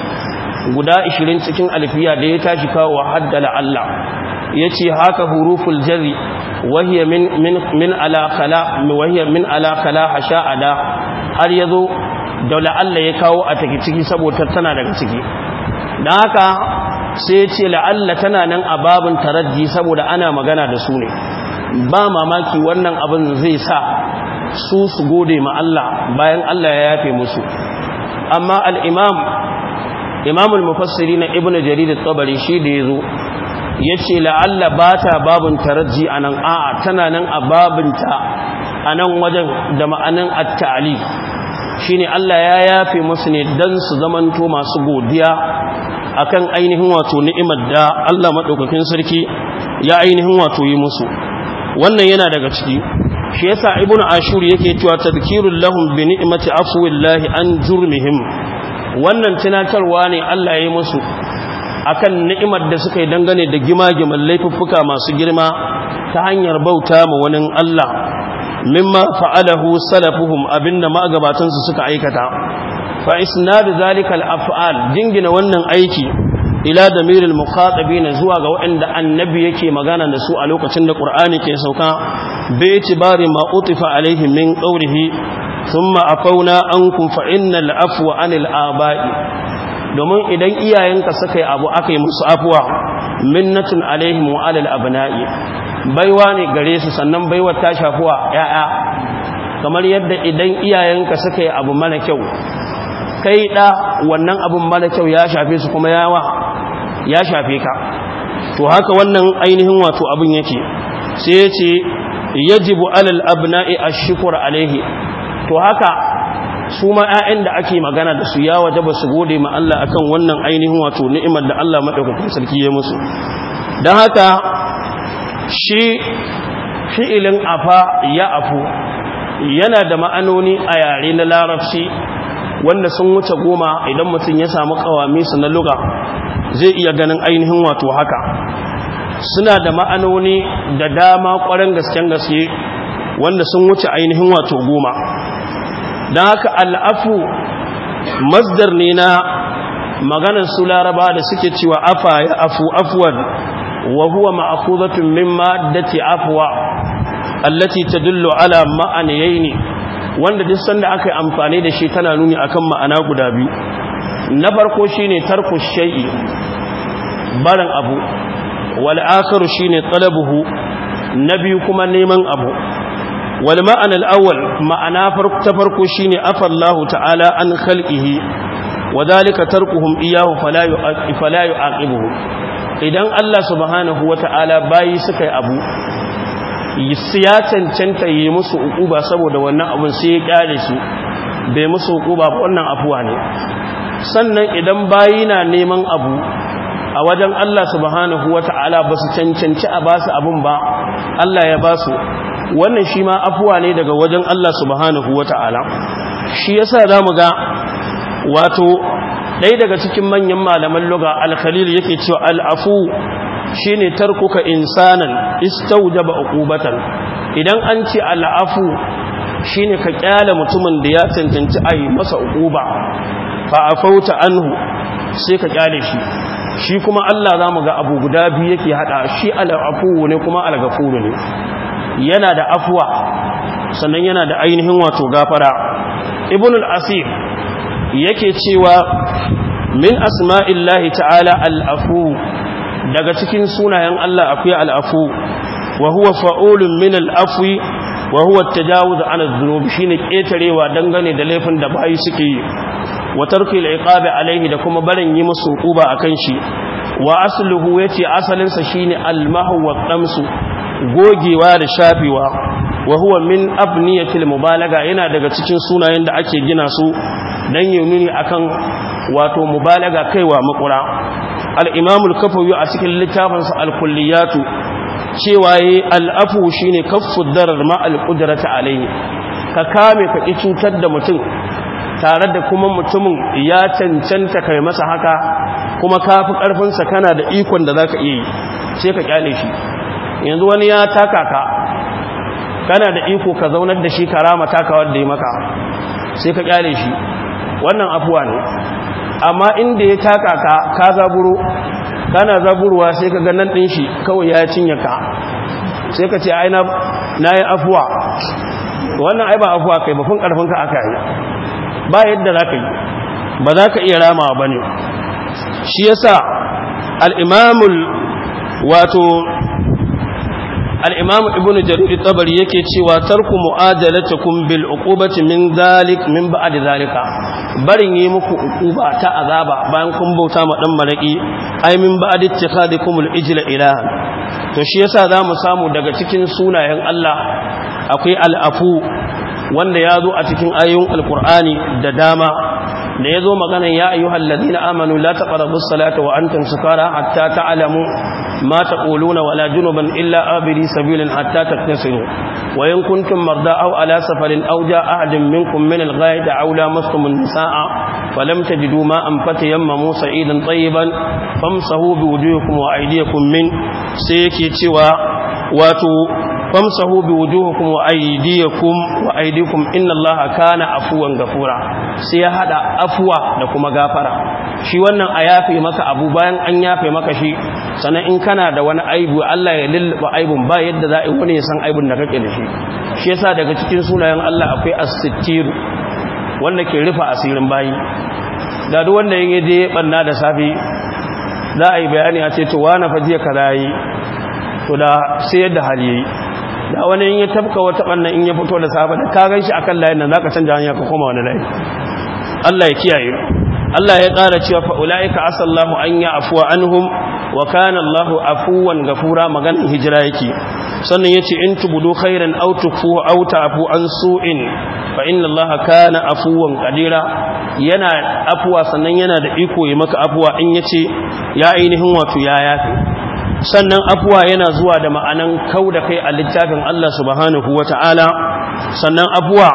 guda 20 cikin alfiya da ya tashi kawo hadda la'alla Ya ce haka huruful jarri wahiya min min ala khala wahiya min ala hasha ala har yazo da la'alla ya kawo a take ciki saboda tana daga ciki dan haka sai yace la'alla tana nan a babun tarajji saboda ana magana da su ne ba mamaki wannan abin zai sa su su gode ma Allah bayan Allah ya yafe musu amma al-imam imamul mufassiri na ibn jarir at-tabari shi da yazo ya ce la'alla ba ta babin taraji a nan a'a tana nan a babinta a nan wajen da ma'anin attali shi ne Allah ya yafe masu ne don su zamanto masu godiya a kan ainihin wato ni'imar da Allah maɗaukakin sarki ya ainihin wato yi musu wannan yana daga ciki shi ya yasa ibnu ashur yake cewa tadhkirul lahum bi ni'mati afwillahi an jurmihim wannan tunatarwa ne Allah ya yi musu akan ni'imar da suka yi dangane da gima-giman laifuffuka masu girma ta hanyar bauta ma wani Allah mimma fa'alahu salafuhum abinda magabatansu suka aikata fa isnadu zalikal af'al jingina wannan aiki ila damiril muqatabina zuwa ga waɗanda annabi yake magana da su a lokacin da qur'ani ke sauka bai tibari ma utifa alaihi min qawlihi thumma afauna ankum fa innal afwa anil aba'i domin idan iyayenka suka yi abu aka yi musu afuwa minnatun alaihim wa alal abna'i baiwa ne gare su sannan baiwa ta shafuwa ya'ya kamar yadda idan iyayenka suka yi abu mana kyau kai da wannan abun mana kyau ya shafe su kuma yawa ya shafe ka to haka wannan ainihin wato abun yake sai ya ce yajibu alal abna'i ashkur alaihi to haka su ma 'ya'yan da ake magana da su ya waje ba su gode ma Allah akan wannan ainihin wato ni'imar da Allah madaukakin sarki ya musu don haka shi fi'ilin afa ya afu yana da ma'anoni a yare na larabci wanda sun wuce goma idan mutum ya samu kawami su na luga zai iya ganin ainihin wato haka suna da ma'anoni da dama ƙwarar gasken gaske wanda sun wuce ainihin wato goma don haka al'afu masdar ne na maganar su laraba da suke cewa afa ya afu afuwan wa huwa ma'akuzatun min maddati afuwa allati tadullu ala ma'aniyaini wanda duk sanda aka yi amfani da shi tana nuni akan ma'ana guda biyu na farko shine tarku shay'i barin abu wal akharu shine talabuhu na biyu kuma neman abu wal ma'ana al ma'ana ta farko shine afallahu ta'ala an khalqihi wadhalika tarkuhum iyahu fala fala yu'aqibuhu idan Allah subhanahu wata'ala bayi suka yi abu ya cancanta yi musu uquba saboda wannan abun sai ya kyale su bai musu ba wannan afuwa ne sannan idan bayi na neman abu a wajen Allah subhanahu wata'ala ba su cancanci a ba su abin ba Allah ya ba su wannan shi ma afuwa ne daga wajen Allah subhanahu wa ta'ala shi ya yasa damu ga wato ɗaya daga cikin manyan malaman loga al yake cewa al'afu shi ne tarkuka insanan Istau, istawjaba uqubatan idan an ce alafu shi ne ka kyala mutumin da ya cancanci ai masa uquba fa'afauta anhu sai ka kyale shi shi kuma Allah za mu ga abu guda biyu yake haɗa? shi al-afu ne kuma al ne yana da afuwa sannan yana da ainihin wato gafara ibn al-asir yake cewa min asma'illahi ta'ala al-afu daga cikin sunayen Allah akwai al-afu wa huwa fa'ulun min al-afwi wa huwa at-tajawuz 'ala adh-dhunub shine ketarewa dangane da laifin da bayi suke yi tarki al-iqab alaihi da kuma barin yi musu uba akan shi wa asluhu yace asalin sa shine al-mahwa wa gogewa da shafewa wa huwa min abniyatil mubalaga yana daga cikin sunayen da ake gina su dan yamini akan wato mubalaga kaiwa makura al-imam al-kafawi a cikin littafin sa al-kulliyat cewa yi al-afu shine kaffu darar ma al-qudrata alayhi ka kame ka cutar da mutum tare da kuma mutumin ya cancanta kai masa haka kuma kafi karfin sa kana da ikon da zaka iya yi sai ka kyale shi yanzu wani ya taka ka kana da iko ka zaunar da shi karama taka da ya maka sai ka kyale shi wannan afuwa ne amma inda ya taka ka ka zaburo kana zaburwa sai ka ganin ɗin shi kawai ya cinye ka sai ka ce aina na yi afuwa wannan ai ba afuwa kai bafin ƙarfinka aka yi ba yadda za ka yi ba za ka iya rama ba ne shi yasa al'imamul wato al Ibn ibnu jarir tabari yake cewa tarku kun bil uqubati min zalik min ba'd zalika barin yi muku uquba ta azaba bayan kun bauta ma dan malaki ay min ba'd da kuma ijla ilahan to shi yasa zamu samu daga cikin sunayen Allah akwai al'afu wanda ya zo a cikin ayoyin alƙur'ani da dama da ya zo maganin ya ayyuhal ladina amanu la taqrabu as-salata wa antum sukara hatta ta alamu. ما تقولون ولا جنبا إلا آبري سبيل حتى تكتسلوا وإن كنتم مرضى أو على سفر أو جاء أحد منكم من الغاية أو لامستم النساء فلم تجدوا ماء فتيمموا سعيدا طيبا فامسهوا بوجوهكم وأيديكم من سيكي توا واتوا famsahu بوجوهكم وايديكم wa ان الله كان inna غفورا kana هذا gafura sai ya haɗa afuwa da kuma gafara shi wannan a yafe maka abu bayan an yafe maka shi sannan in kana da wani aibu Allah ya lilba aibun ba yadda za a wani ya san aibun da kake da shi shi yasa daga cikin sunayen Allah akwai as-sittir wanda ke rufa asirin bayi da duk wanda yake je banna da safi za a yi bayani a ce to wa na fajiya kaza yi to da sai yadda hali yayi da wani in ya tafka wata ɓannan in ya fito da sahaba da ka gan shi a kan layin nan za ka canja hanyar ka koma wani layi Allah ya kiyaye Allah ya ƙara cewa asan asallahu an yi afuwa anhum wa kana Allahu afuwan gafura maganin hijira yake sannan ya ce in tubudu khairan aw tukfu aw ta'fu an su'in fa inna Allaha kana afuwan kadira yana afuwa sannan yana da iko yi maka afuwa in ya ce ya ainihin wato ya yafi sannan afuwa yana zuwa da ma'anan kau da kai a littafin Allah subhanahu Ta'ala. sannan afuwa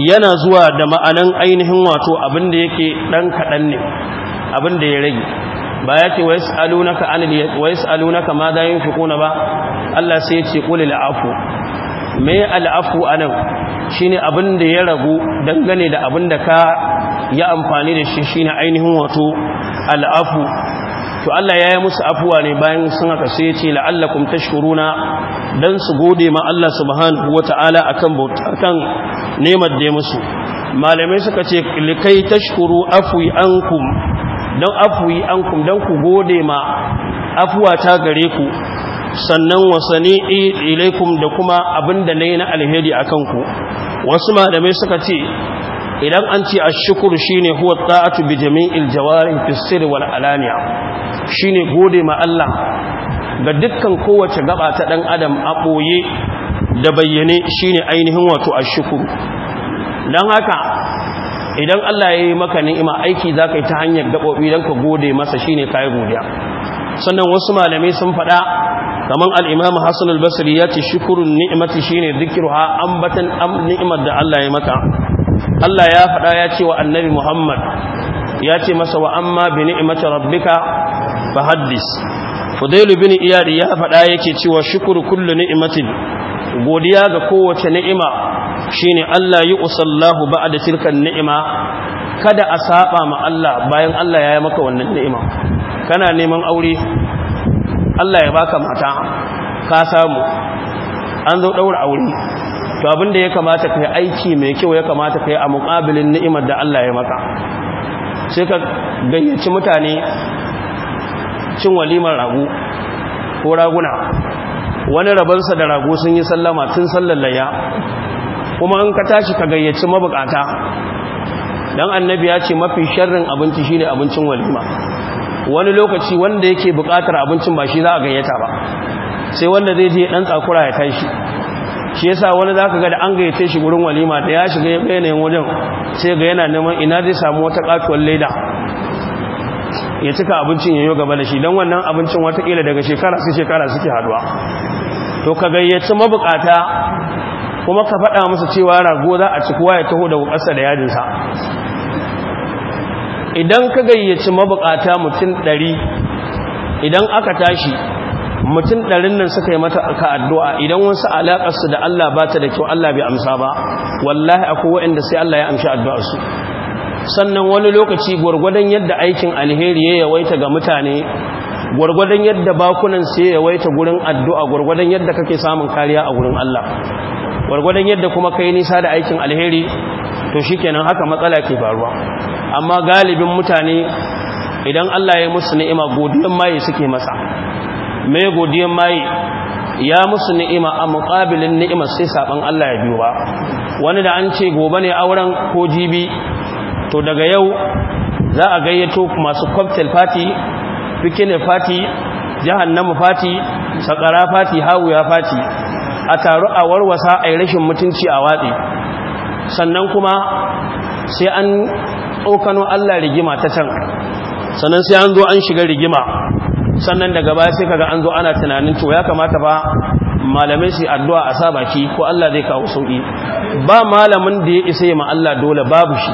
yana zuwa da ma'anan ainihin wato abin da yake dan kaɗan ne abin da ya rage ba ya ce wai alunaka ma da yin kuna ba Allah sai ya ce ƙuli la'afu mai al'afu a nan shi ne abin da ya ragu dangane da abin da ka yi amfani da shi shi ne ainihin wato al'afu to Allah ya yi musu afuwa ne bayan sun haka sai ya ce la'allakum tashkuruna dan su gode ma Allah subhanahu ta'ala akan akan neman da musu malamai suka ce likai tashkuru afwi ankum dan afwi ankum dan ku gode ma afuwa ta gare ku sannan wasani ilaikum da kuma abinda nayi na alheri akan ku wasu malamai suka ce idan an ce ashukuru shine huwa ta'atu bi jami'il jawari fi sirri wal alaniya shine gode ma Allah ga dukkan kowace gaba ta dan adam a boye da bayyane shine ainihin wato ashukuru dan haka idan Allah ya yi maka ni'ima aiki zaka yi ta hanyar gabobi dan ka gode masa shine kai godiya sannan wasu malamai sun faɗa kamar imam hasan al-basri ya ce shukurun ni'imati shine ne zikiruwa am ni'imar da Allah ya maka. Allah ya faɗa ya ce wa annabi Muhammad ya ce masa wa amma bi ni'mati rabbika fa haddis Fudailu bin Iyad ya faɗa yake cewa shukuru kullu ni'matin godiya ga kowace ni'ima shine Allah yi usallahu ba'da tilkan ni'ima kada a saba ma Allah bayan Allah ya yi maka wannan ni'ima kana neman aure Allah ya baka mata ka samu an zo daura aure to abin da ya kamata yi aiki mai kyau ya kamata kai a mukabilin ni'imar da Allah ya maka sai ka gayyaci mutane cin walimar ragu ko raguna wani rabansa da ragu sun yi sallama tun sallallaya kuma an ka tashi ka gayyaci mabukata dan annabi ya ce mafi sharrin abinci shine abincin walima wani lokaci wanda yake bukatar abincin ba shi za a gayyata ba sai wanda zai je ɗan tsakura ya tashi shi yasa wani zaka ga da an gayyace shi gurin walima da ya shiga yanayin wajen sai ga yana neman ina zai samu wata katuwar leda ya cika abincin yayo gaba da shi don wannan abincin wata kila daga shekara su shekara suke haduwa to ka gayyaci mabukata kuma ka faɗa masa cewa rago za a ci kowa ya taho da wukarsa da sa idan ka gayyaci mabukata mutum ɗari idan aka tashi mutum ɗarin nan suka yi mata ka addu'a idan wasu alaƙarsu da Allah ba ta da kyau Allah bai amsa ba wallahi akwai waɗanda sai Allah ya amshi addu'arsu sannan wani lokaci gwargwadon yadda aikin alheri ya yawaita ga mutane gwargwadon yadda bakunan sai ya yawaita gurin addu'a gwargwadon yadda kake samun kariya a gurin Allah gwargwadon yadda kuma kai nisa da aikin alheri to shi shikenan haka matsala ke faruwa amma galibin mutane idan Allah ya musu ni'ima godiyan maye suke masa Mai godiyan mai ya musu ni'ima a muƙabilin ni'ima sai saban Allah ya biyo ba wani da an ce gobe ne auren ko jibi to daga yau za a gayyato masu cocktail party pikine party jahannama party sakara party hawuya party a taru a warwasa a rashin mutunci a watsi sannan kuma sai an tsokano Allah rigima ta can sannan sai an zo an shiga rigima sannan daga baya sai kaga an zo ana tunanin to ya kamata ba malamai suyi addu'a a sa baki ko Allah zai kawo sauki ba malamin da ya isa ma Allah dole babu shi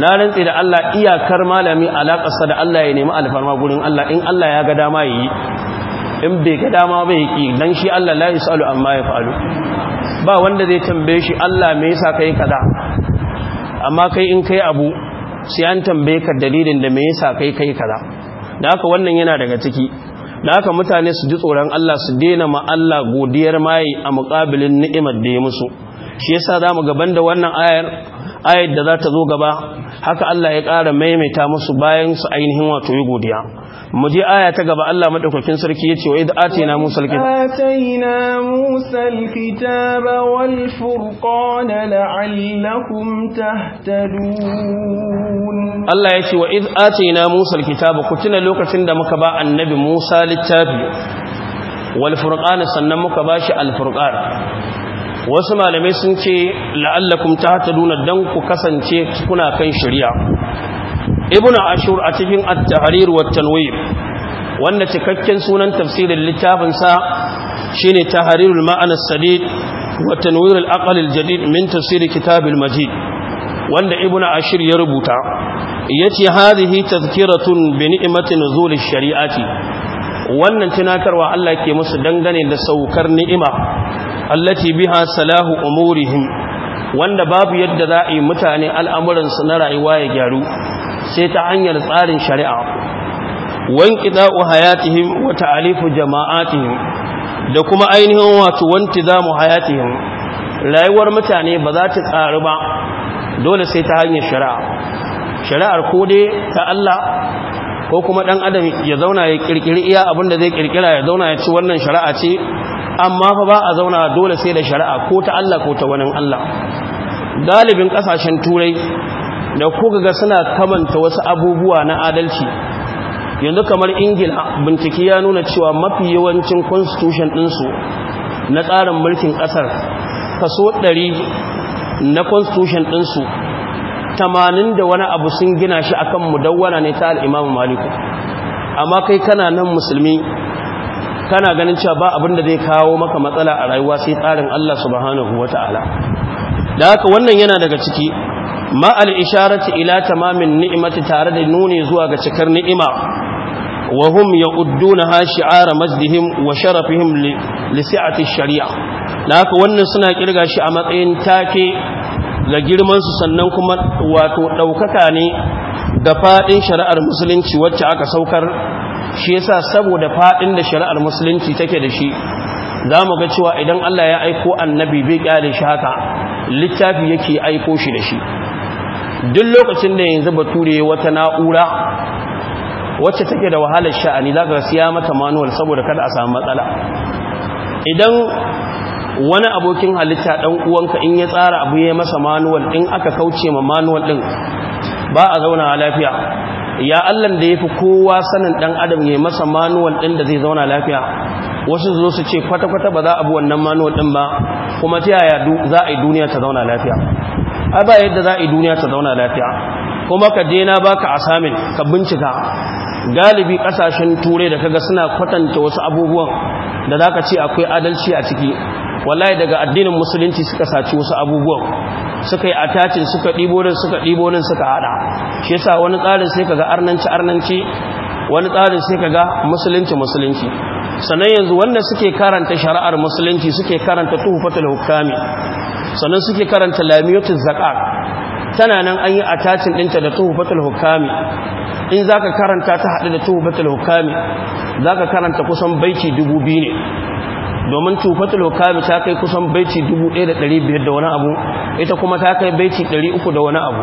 na rantsi da Allah iyakar malami alaƙarsa da Allah ya nemi alfarma gurin Allah in Allah ya ga dama yi in bai ga dama bai yi dan shi Allah la yasalu amma ya fa'alu ba wanda zai tambaye shi Allah me yasa kai kaza amma kai in kai abu sai an tambaye ka dalilin da me yasa kai kai kaza da haka wannan yana daga ciki da haka mutane su ji tsoron Allah su daina ma Allah godiyar mai a muƙabilin ni'imar da ya musu shi yasa mu gaban da wannan ayar ayar da za ta zo gaba haka Allah ya ƙara maimaita musu bayan su ainihin wato yi godiya mu je aya ta gaba Allah madaukakin sarki yace wa idza atina musa alkitaba atina musa alkitaba wal furqana la'allakum tahtadun Allah yace wa idza atina musa alkitaba ku tuna lokacin da muka ba annabi musa littafi wal furqana sannan muka bashi al furqan wasu malamai sun ce la'allakum tahtaduna dan ku kasance kuna kan shari'a ibnu ashur a cikin at-tahrir wa tanwir wanda cikakken sunan tafsirin littafin sa shine tahrirul ma'ana sadid wa tanwir al-aql al-jadid min tafsir kitab al-majid wanda ibnu ashur ya rubuta yace hadhihi tadhkiratun bi ni'mati nuzul ash-shari'ati wannan tunatarwa Allah ke musu dangane da saukar ni'ima allati biha salahu umurihim wanda babu yadda za a yi mutane al'amuransu na rayuwa ya gyaru sai ta hanyar tsarin shari'a wanqida'u hayatihim wa ta'alifu jama'atihim da kuma ainihin wato wantizamu hayatihim rayuwar mutane ba za ta tsaru ba dole sai ta hanyar shari'a shari'ar ko dai ta Allah ko kuma dan adam ya zauna ya kirkiri iya abinda zai kirkira ya zauna ya ci wannan shari'a ce amma fa ba a zauna dole sai da shari'a ko ta Allah ko ta wani Allah galibin kasashen turai da kuka ga suna kamanta wasu abubuwa na adalci yanzu kamar ingila bincike ya nuna cewa mafi yawancin constitution ɗinsu na tsarin mulkin ƙasar kaso 100 na constitution ɗinsu 80 da wani abu sun gina shi akan mudawwana ne ta al'imamu maliku amma kai kana nan musulmi kana ganin cewa ba abin da zai kawo maka matsala a rayuwa sai tsarin Allah subhanahu wata'ala da haka wannan yana daga ciki ma al-isharati ila tamamin ni'mati tare da nuni zuwa ga cikar ni'ima wa hum ya'uddunaha shi'ara majdihim wa sharafihim li shari'a da haka wannan suna kirga shi a matsayin take da girmansu sannan kuma wato ɗaukaka ne da fadin shari'ar musulunci wacce aka saukar shi yasa saboda fadin da shari'ar musulunci take da shi za mu ga cewa idan Allah ya aiko annabi bai da shi haka littafi yake aiko shi da shi duk lokacin da yanzu bature wata na'ura wacce take da wahalar sha'ani za ka siya mata manuwal saboda kada a samu matsala idan wani abokin halitta ɗan uwanka in ya tsara abu ya masa manuwal in aka kauce ma manuwal ɗin ba a zauna a lafiya ya allan da ya fi kowa sanin ɗan adam ya masa manuwal ɗin da zai zauna lafiya wasu zo su ce kwata-kwata ba za a bi wannan ɗin ba kuma ta yaya za a yi duniya ta zauna lafiya A ba yadda za a yi duniya ta zauna lafiya kuma ka dena baka asamin ka bincika galibi kasashen turai da kaga suna kwatanta wasu abubuwan da za ka ce akwai adalci a ciki wallahi daga addinin musulunci suka saci wasu abubuwan suka yi atacin suka ɗibonin suka ɗibonin suka haɗa shi yasa wani tsarin sai kaga arnanci arnanci wani tsarin sai kaga musulunci musulunci sannan yanzu wanda suke karanta shari'ar musulunci suke karanta tuhufatul hukami sannan suke karanta lamiyotul zakat tana nan an yi attachin ɗinta da tuhufatul hukami in za ka karanta ta haɗu da tuhufatul hukami za ka karanta kusan baiti dubu biyu ne domin tufatul hukami ta kai kusan baiti 1500 da wani abu ita kuma ta kai baiti 300 da wani abu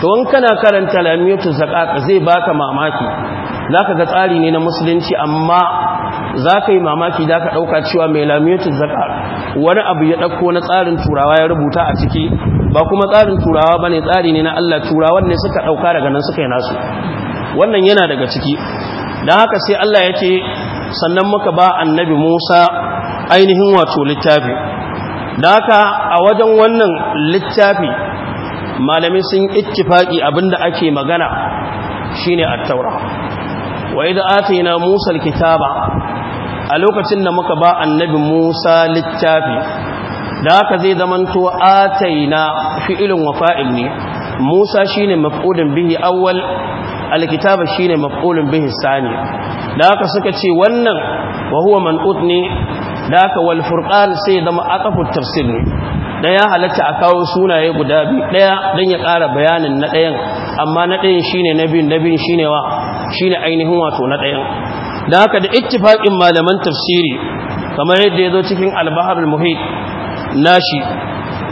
to in kana karanta lamiyatu zakat zai baka mamaki zaka ga tsari ne na musulunci amma za ka yi mamaki da ka ɗauka cewa mai lamiyotin zaka wani abu ya ɗauko na tsarin turawa ya rubuta a ciki ba kuma tsarin turawa ba ne tsari ne na allah turawa ne suka ɗauka daga nan suka yi nasu wannan yana daga ciki don haka sai allah ya ce sannan muka ba annabi musa ainihin wato littafi da haka a wajen wannan littafi malamai sun abin abinda ake magana shine at-taura wa idza atayna musa al-kitaba a lokacin da muka ba annabi Musa littafi da ka zai zamanto ataina fi'ilun wa fa'il ne Musa shine maf'ulun bihi awwal alkitaba shine maf'ulun bihi sani da aka suka ce wannan wa huwa man'ut ne da aka wal furqan sai zama aqafut tafsir ne ya halatta a kawo sunaye guda biyu daya dan ya ƙara bayanin na dayan amma na dayan shine na biyun na biyun shine wa shine ainihin wato na dayan da haka da ittifaqin malaman tafsiri kamar yadda ya zo cikin al-bahr al-muhit nashi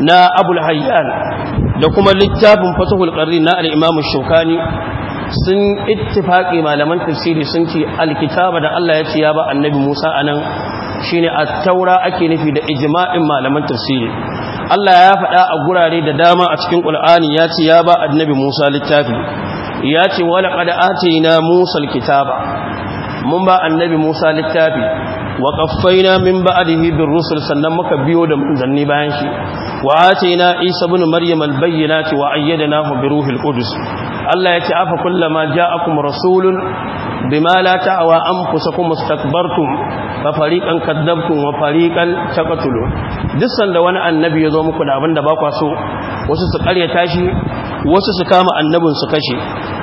na abul hayyan da kuma littafin fatahul qarri na al-imam shukani sun ittifaqi malaman tafsiri sun ce al-kitaba da Allah ya ce ya ba annabi Musa anan shine at-taura ake nufi da ijma'in malaman tafsiri Allah ya faɗa a gurare da dama a cikin Qur'ani ya ce ya ba annabi Musa littafi ya ce wala qad atina Musa al-kitaba mun ba annabi Musa littafi wa qaffaina min ba'dihi bir rusul sannan muka biyo da zanni bayan shi wa atina Isa ibn Maryam al bayyinati wa ayyadnahu bi ruhil qudus Allah yace afa kullama ja'akum rasulun bima la ta'wa anfusakum mustakbartum fa fariqan kadzabtum wa fariqan taqtulun duk sanda wani annabi ya zo muku da abinda ba kwa so wasu su ƙaryata shi wasu su kama annabin su kashe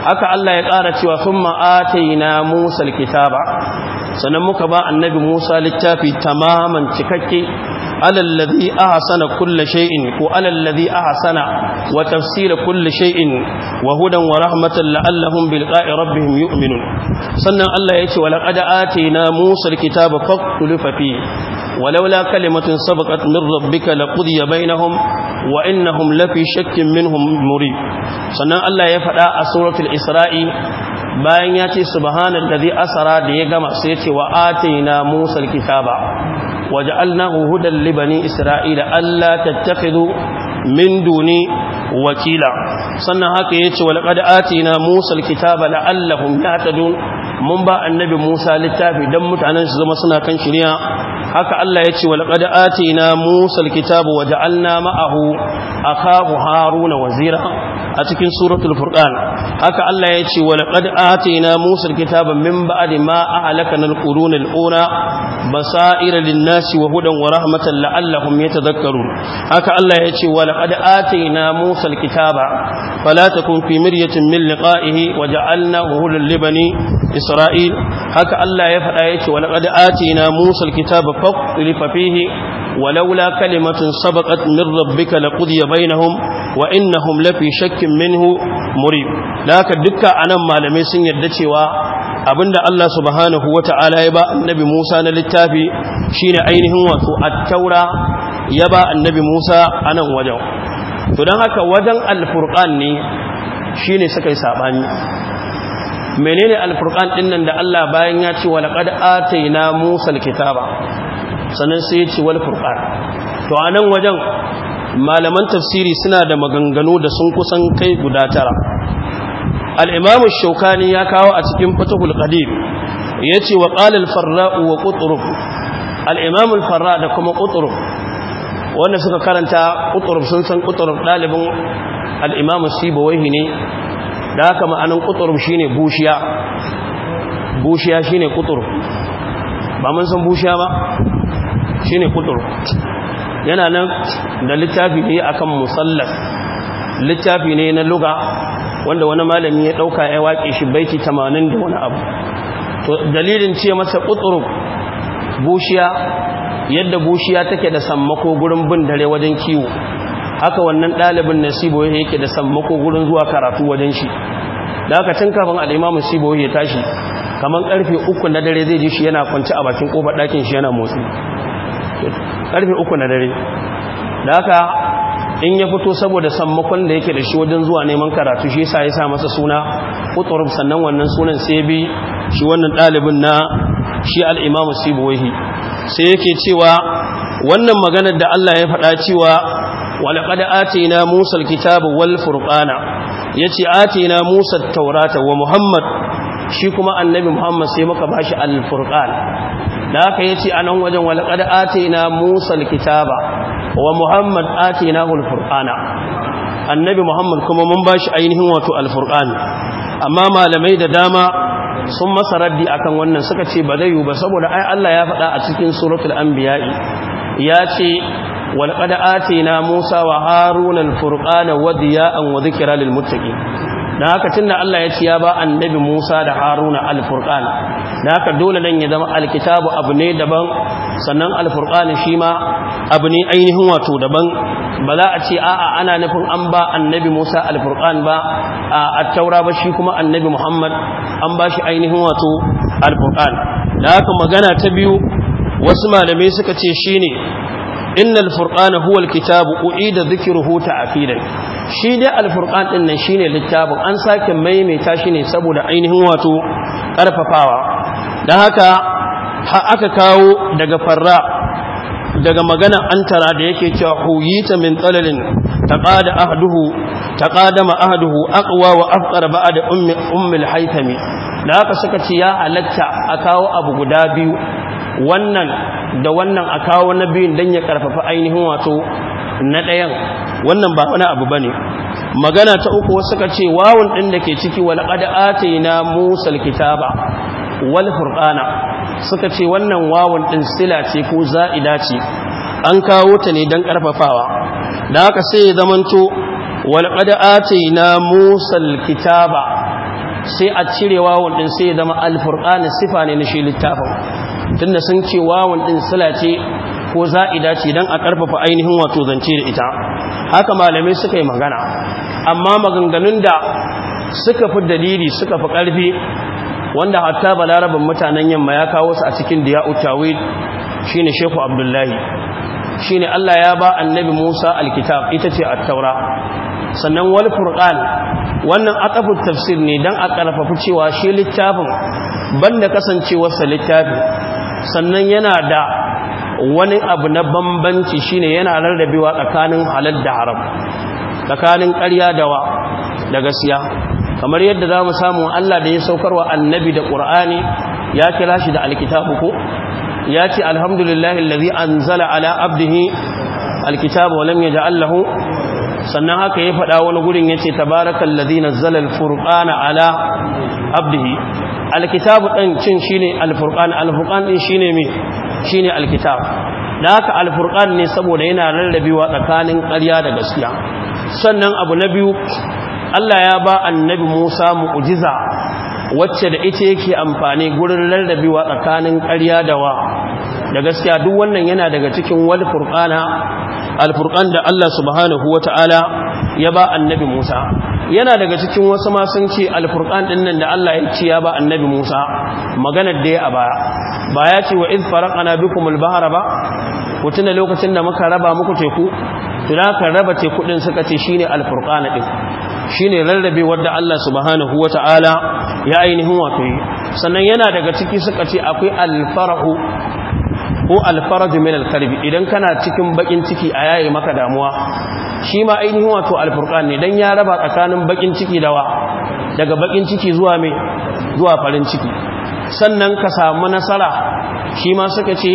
haka Allah ya ƙara cewa ma'atai na Musa ba sannan muka ba annabi Musa littafi tamaman cikakke alallazi ahsana kulli shay'in ko alallazi ahsana wa tafsira kulli shay'in wa hudan wa rahmatan la'allahum bilqa'i rabbihim yu'minun sannan Allah yace wala qad atina musa alkitaba faqtulifa fi ولولا كلمة سبقت من ربك لقضي بينهم وإنهم لفي شك منهم مريب سنة الله يفعل سورة الإسراء bayan ya ce subhanan da zai asara da ya gama sai ce wa atina musal kitaba waja'alnahu hudan li isra'ila alla tattakhidhu min duni wakila sannan haka yace wa laqad atina musa alkitaba la'allahum yahtadun mun ba annabi musa littafi dan mutanen su zama suna kan shari'a haka Allah yace wa laqad atina musa alkitaba waja'alna ma'ahu akahu haruna wazira a cikin suratul furqan haka Allah ya ce walaqad atina musa alkitaba min ba'di ma ahlakana alqurun alula basaira lin wa hudan wa rahmatan la'allahum yatadhakkarun haka Allah ya ce walaqad atina musa alkitaba fala takun fi miryatin min liqa'ihi wa ja'alnahu hudan libani isra'il haka Allah ya faɗa ya ce walaqad atina musa alkitaba faqlifa fihi ولولا كلمة سبقت من ربك لقضي بينهم وإنهم لفي شك منه مريب لك دكا أنا ما لم يسن يدتي abinda Allah subhanahu wata'ala ya ba annabi Musa na littafi shine ainihin wato at-taura ya ba annabi Musa anan wajen to dan haka wajen al ne shine suka menene al-furqan da Allah bayan ya ce wa laqad atayna Musa kitaba sannan sai ya ce wal furqan to a nan wajen malaman tafsiri suna da maganganu da sun kusan kai guda tara al-imam ash-shawkani ya kawo a cikin fatahul qadim yace wa qala al farrau wa qutrub al-imam al-farra da kuma qutrub wanda suka karanta qutrub sun san qutrub dalibin al-imam sibawayhi ne da haka ma'anan qutrub shine bushiya bushiya shine qutrub ba mun san bushiya ba shine kudur yana nan da littafi ne akan musallas littafi ne na luga wanda wani malami ya ɗauka ya wake shi baiki 80 da wani abu to dalilin ce masa kudur bushiya yadda bushiya take da sammako gurin bin dare wajen kiwo haka wannan ɗalibin ya yake da sammako gurin zuwa karatu wajen shi da kafin tun kafin al'imamu sibo ya tashi kamar ƙarfe uku na dare zai ji shi yana kwanci a bakin ƙofar ɗakin shi yana motsi karfe uku na dare da haka in ya fito saboda sammakon da yake da shi wajen zuwa neman karatu shi sa ya sa masa suna kuturub sannan wannan sunan sai bi shi wannan ɗalibin na shi al'imamu sibuwahi sai yake cewa wannan maganar da Allah ya faɗa cewa walaƙada atina musar kitabu wal furqana yace atina musar taurata wa muhammad shi kuma annabi muhammad sai muka bashi al-furqan da ce a nan wajen walqad atina musa al-kitaba wa muhammad atina alqur'ana annabi muhammad kuma mun ba shi ainihin wato alqur'ani amma malamai da dama sun masa raddi akan wannan suka ce ba zai yi ba saboda ai Allah ya faɗa a cikin suratul anbiya'i ya ce walqad atina musa wa haruna alqur'ana wa an wa dhikra lil da haka tunda Allah ya ce ya ba annabi Musa da Haruna al-Furqan da haka dole nan ya zama al-kitabu abu ne daban sannan al-Furqan shi ma abu ne ainihin wato daban ba za a ce a'a ana nufin an ba annabi Musa al-Furqan ba a at-Taura ba shi kuma annabi Muhammad an ba shi ainihin wato al-Furqan da haka magana ta biyu wasu malamai suka ce shine Inna huwal innal furqana huwa alkitabu uida a filin. shi dai alfurkan ɗin nan shine littafin an sake maimaita shi ne saboda ainihin wato karfafawa Da haka aka kawo daga farra daga magana antara da yake cewa huyita min talalin taqada ahduhu taqadama ahduhu aqwa wa afqara ba'da ummi ummil haythami da haka suka ci ya halatta a kawo abu guda biyu wannan da wannan a kawo na biyun don ya karfafa ainihin wato na ɗayan wannan ba wani abu ba ne magana ta uku wasu ka ce wawon ɗin da ke ciki ƙada'ata yi na musal kitaba wani suka ce wannan wawon ɗin sila ce ko za'ida ce an kawo ta ne don karfafawa. da aka sai ya zamanto ƙada'ata yi na musal kitaba sai a cire wawon ɗin sai ya zama alfurƙana sifa ne na shi littafin tun sun ce wawan ɗin sila ce ko za'ida ce don a ƙarfafa ainihin wato zance da ita haka malamai suka yi magana amma maganganun da suka fi dalili suka fi ƙarfi wanda hatta larabin mutanen yamma ya kawo su a cikin da ya utawai shi ne abdullahi shi ne allah ya ba annabi musa alkitab ita ce a taura sannan wani furqan wannan aqafut tafsir ne dan a karfafa cewa shi littafin banda kasancewarsa littafi sannan yana da wani abu na bambanci shine yana rarrabewa tsakanin halal da haram tsakanin ƙarya da wa da gaskiya kamar yadda za mu samu Allah da ya saukarwa annabi da ƙur'ani ya kira shi da alkitabu ko ya ce alhamdulillahi allazi anzala ala abdihi alkitabu wa lam yaj'al lahu sannan haka ya faɗa wani gurin ya ce tabarakan lazina zalal furƙana ala abdihi alkitabu ɗan cin shi ne alfurƙan alfurƙan ɗin shi ne mai shi ne alkitab da haka alfurƙan ne saboda yana rarrabewa tsakanin ƙarya da gaskiya sannan abu na biyu Allah ya ba annabi Musa mu'ujiza wacce da ita yake amfani gurin rarrabewa tsakanin ƙarya da wa da gaskiya duk wannan yana daga cikin wal furqana al furqan da Allah subhanahu wataala ya ba annabi Musa yana daga cikin wasu ma sun ce al furqan din nan da Allah ya ce ya ba annabi Musa maganar da ya a baya ba ya ce wa id farqana bikum al bahra ba ku tuna lokacin da muka raba muku teku tunaka raba teku din suka ce shine al furqana din shine rarrabe wanda Allah subhanahu wataala ya ainihin wato sannan yana daga ciki suka ce akwai al farahu ko alfaraj min alkarbi idan kana cikin bakin ciki a yayi maka damuwa shi ma ainihin wato alfurqan ne dan ya raba tsakanin bakin ciki da wa daga bakin ciki zuwa me zuwa farin ciki sannan ka samu nasara shi ma suka ce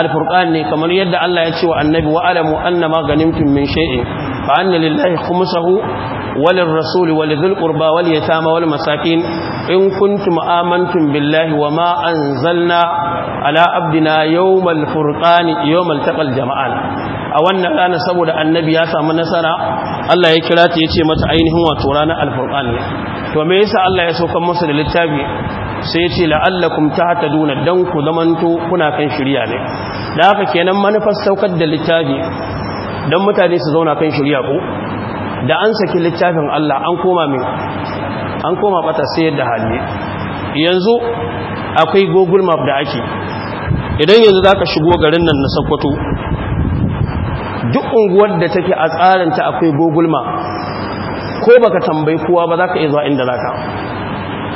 alfurqan ne kamar yadda Allah ya ce wa annabi wa alamu annama ganimtum min shay'in fa anna lillahi khumsahu walin rasuli wali zulkurba wali ya tama wali masakin in kuntum amantun billahi wa ma an zalna ala abdina yawmal furqani yawmal taqal jama'an a wannan rana saboda annabi ya samu nasara Allah ya kirata ya ce mata ainihin wato ranar alfurqan ne to me yasa Allah ya saukar masa da littafi sai yace la'allakum tahtaduna dan ku zamanto kuna kan shirya ne da haka kenan manufar saukar da littafi dan mutane su zauna kan shirya ko da an saki littafin Allah an koma min an koma bata sai yadda hali yanzu akwai google map da ake idan yanzu za ka shigo garin nan na sokoto duk unguwar da take a tsarinta akwai google map ko baka tambayi kowa ba za ka iya zuwa inda za ka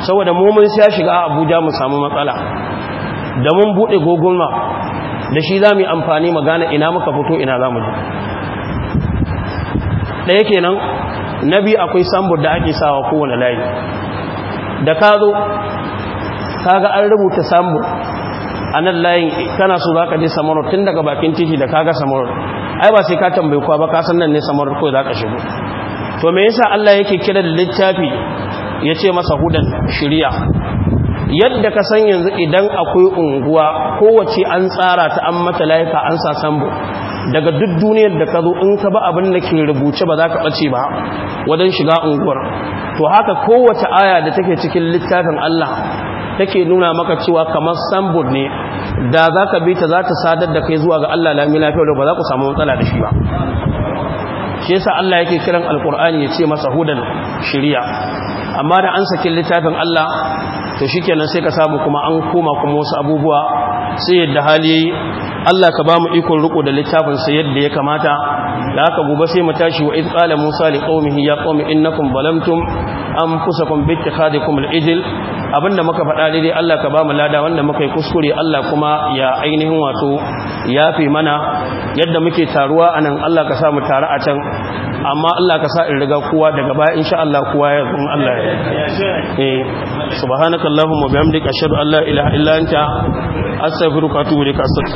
saboda mu sai ya shiga a abuja mu samu matsala da mun bude google map da shi za mu yi amfani magana ina muka fito ina za mu je ɗaya kenan na biyu akwai sambur da ake sawa kowane layi da ka zo kaga an rubuta sambur a nan layin kana so za ka je tun daga bakin titi da kaga samarar ai ba sai ka tambayi kuwa ba kasan nan ne samarar kawai za ka shigo to me yasa Allah yake kira da littafi ya ce masa hudan shirya yadda ka san yanzu idan akwai unguwa kowace an tsara ta an mata layuka an sa sambo daga duk duniyar da ka zo in ka ba abin da ke rubuce ba za ka ɓace ba wajen shiga unguwar to haka kowace aya da take cikin littafin Allah take nuna maka cewa kamar sambod ne da za ka bi ta za ta sadar da kai zuwa ga Allah lami lafiya ba za ku samu matsala da shi ba shi yasa Allah yake kiran alkur'ani ya ce masa hudan shiriya amma da an sakin littafin Allah to shikenan sai ka samu kuma an koma kuma wasu abubuwa sai yadda hali yayi Allah ka bamu ikon riko da littafin sa yadda ya kamata da haka gobe sai mu tashi wa iz qala musa liqaumihi ya qaumi innakum balamtum anfusakum bi ittikhadikum al-ijl abinda muka faɗa daidai Allah ka ba mu lada wanda muka yi kuskure Allah kuma ya ainihin wato yafe mana yadda muke taruwa nan Allah ka sa mu taru a can amma Allah ka sa in riga kowa daga baya insha Allah kowa ya zun Allah ya eh subhanakallahumma bihamdika ashhadu an la ilaha illa anta astaghfiruka wa atubu ilaik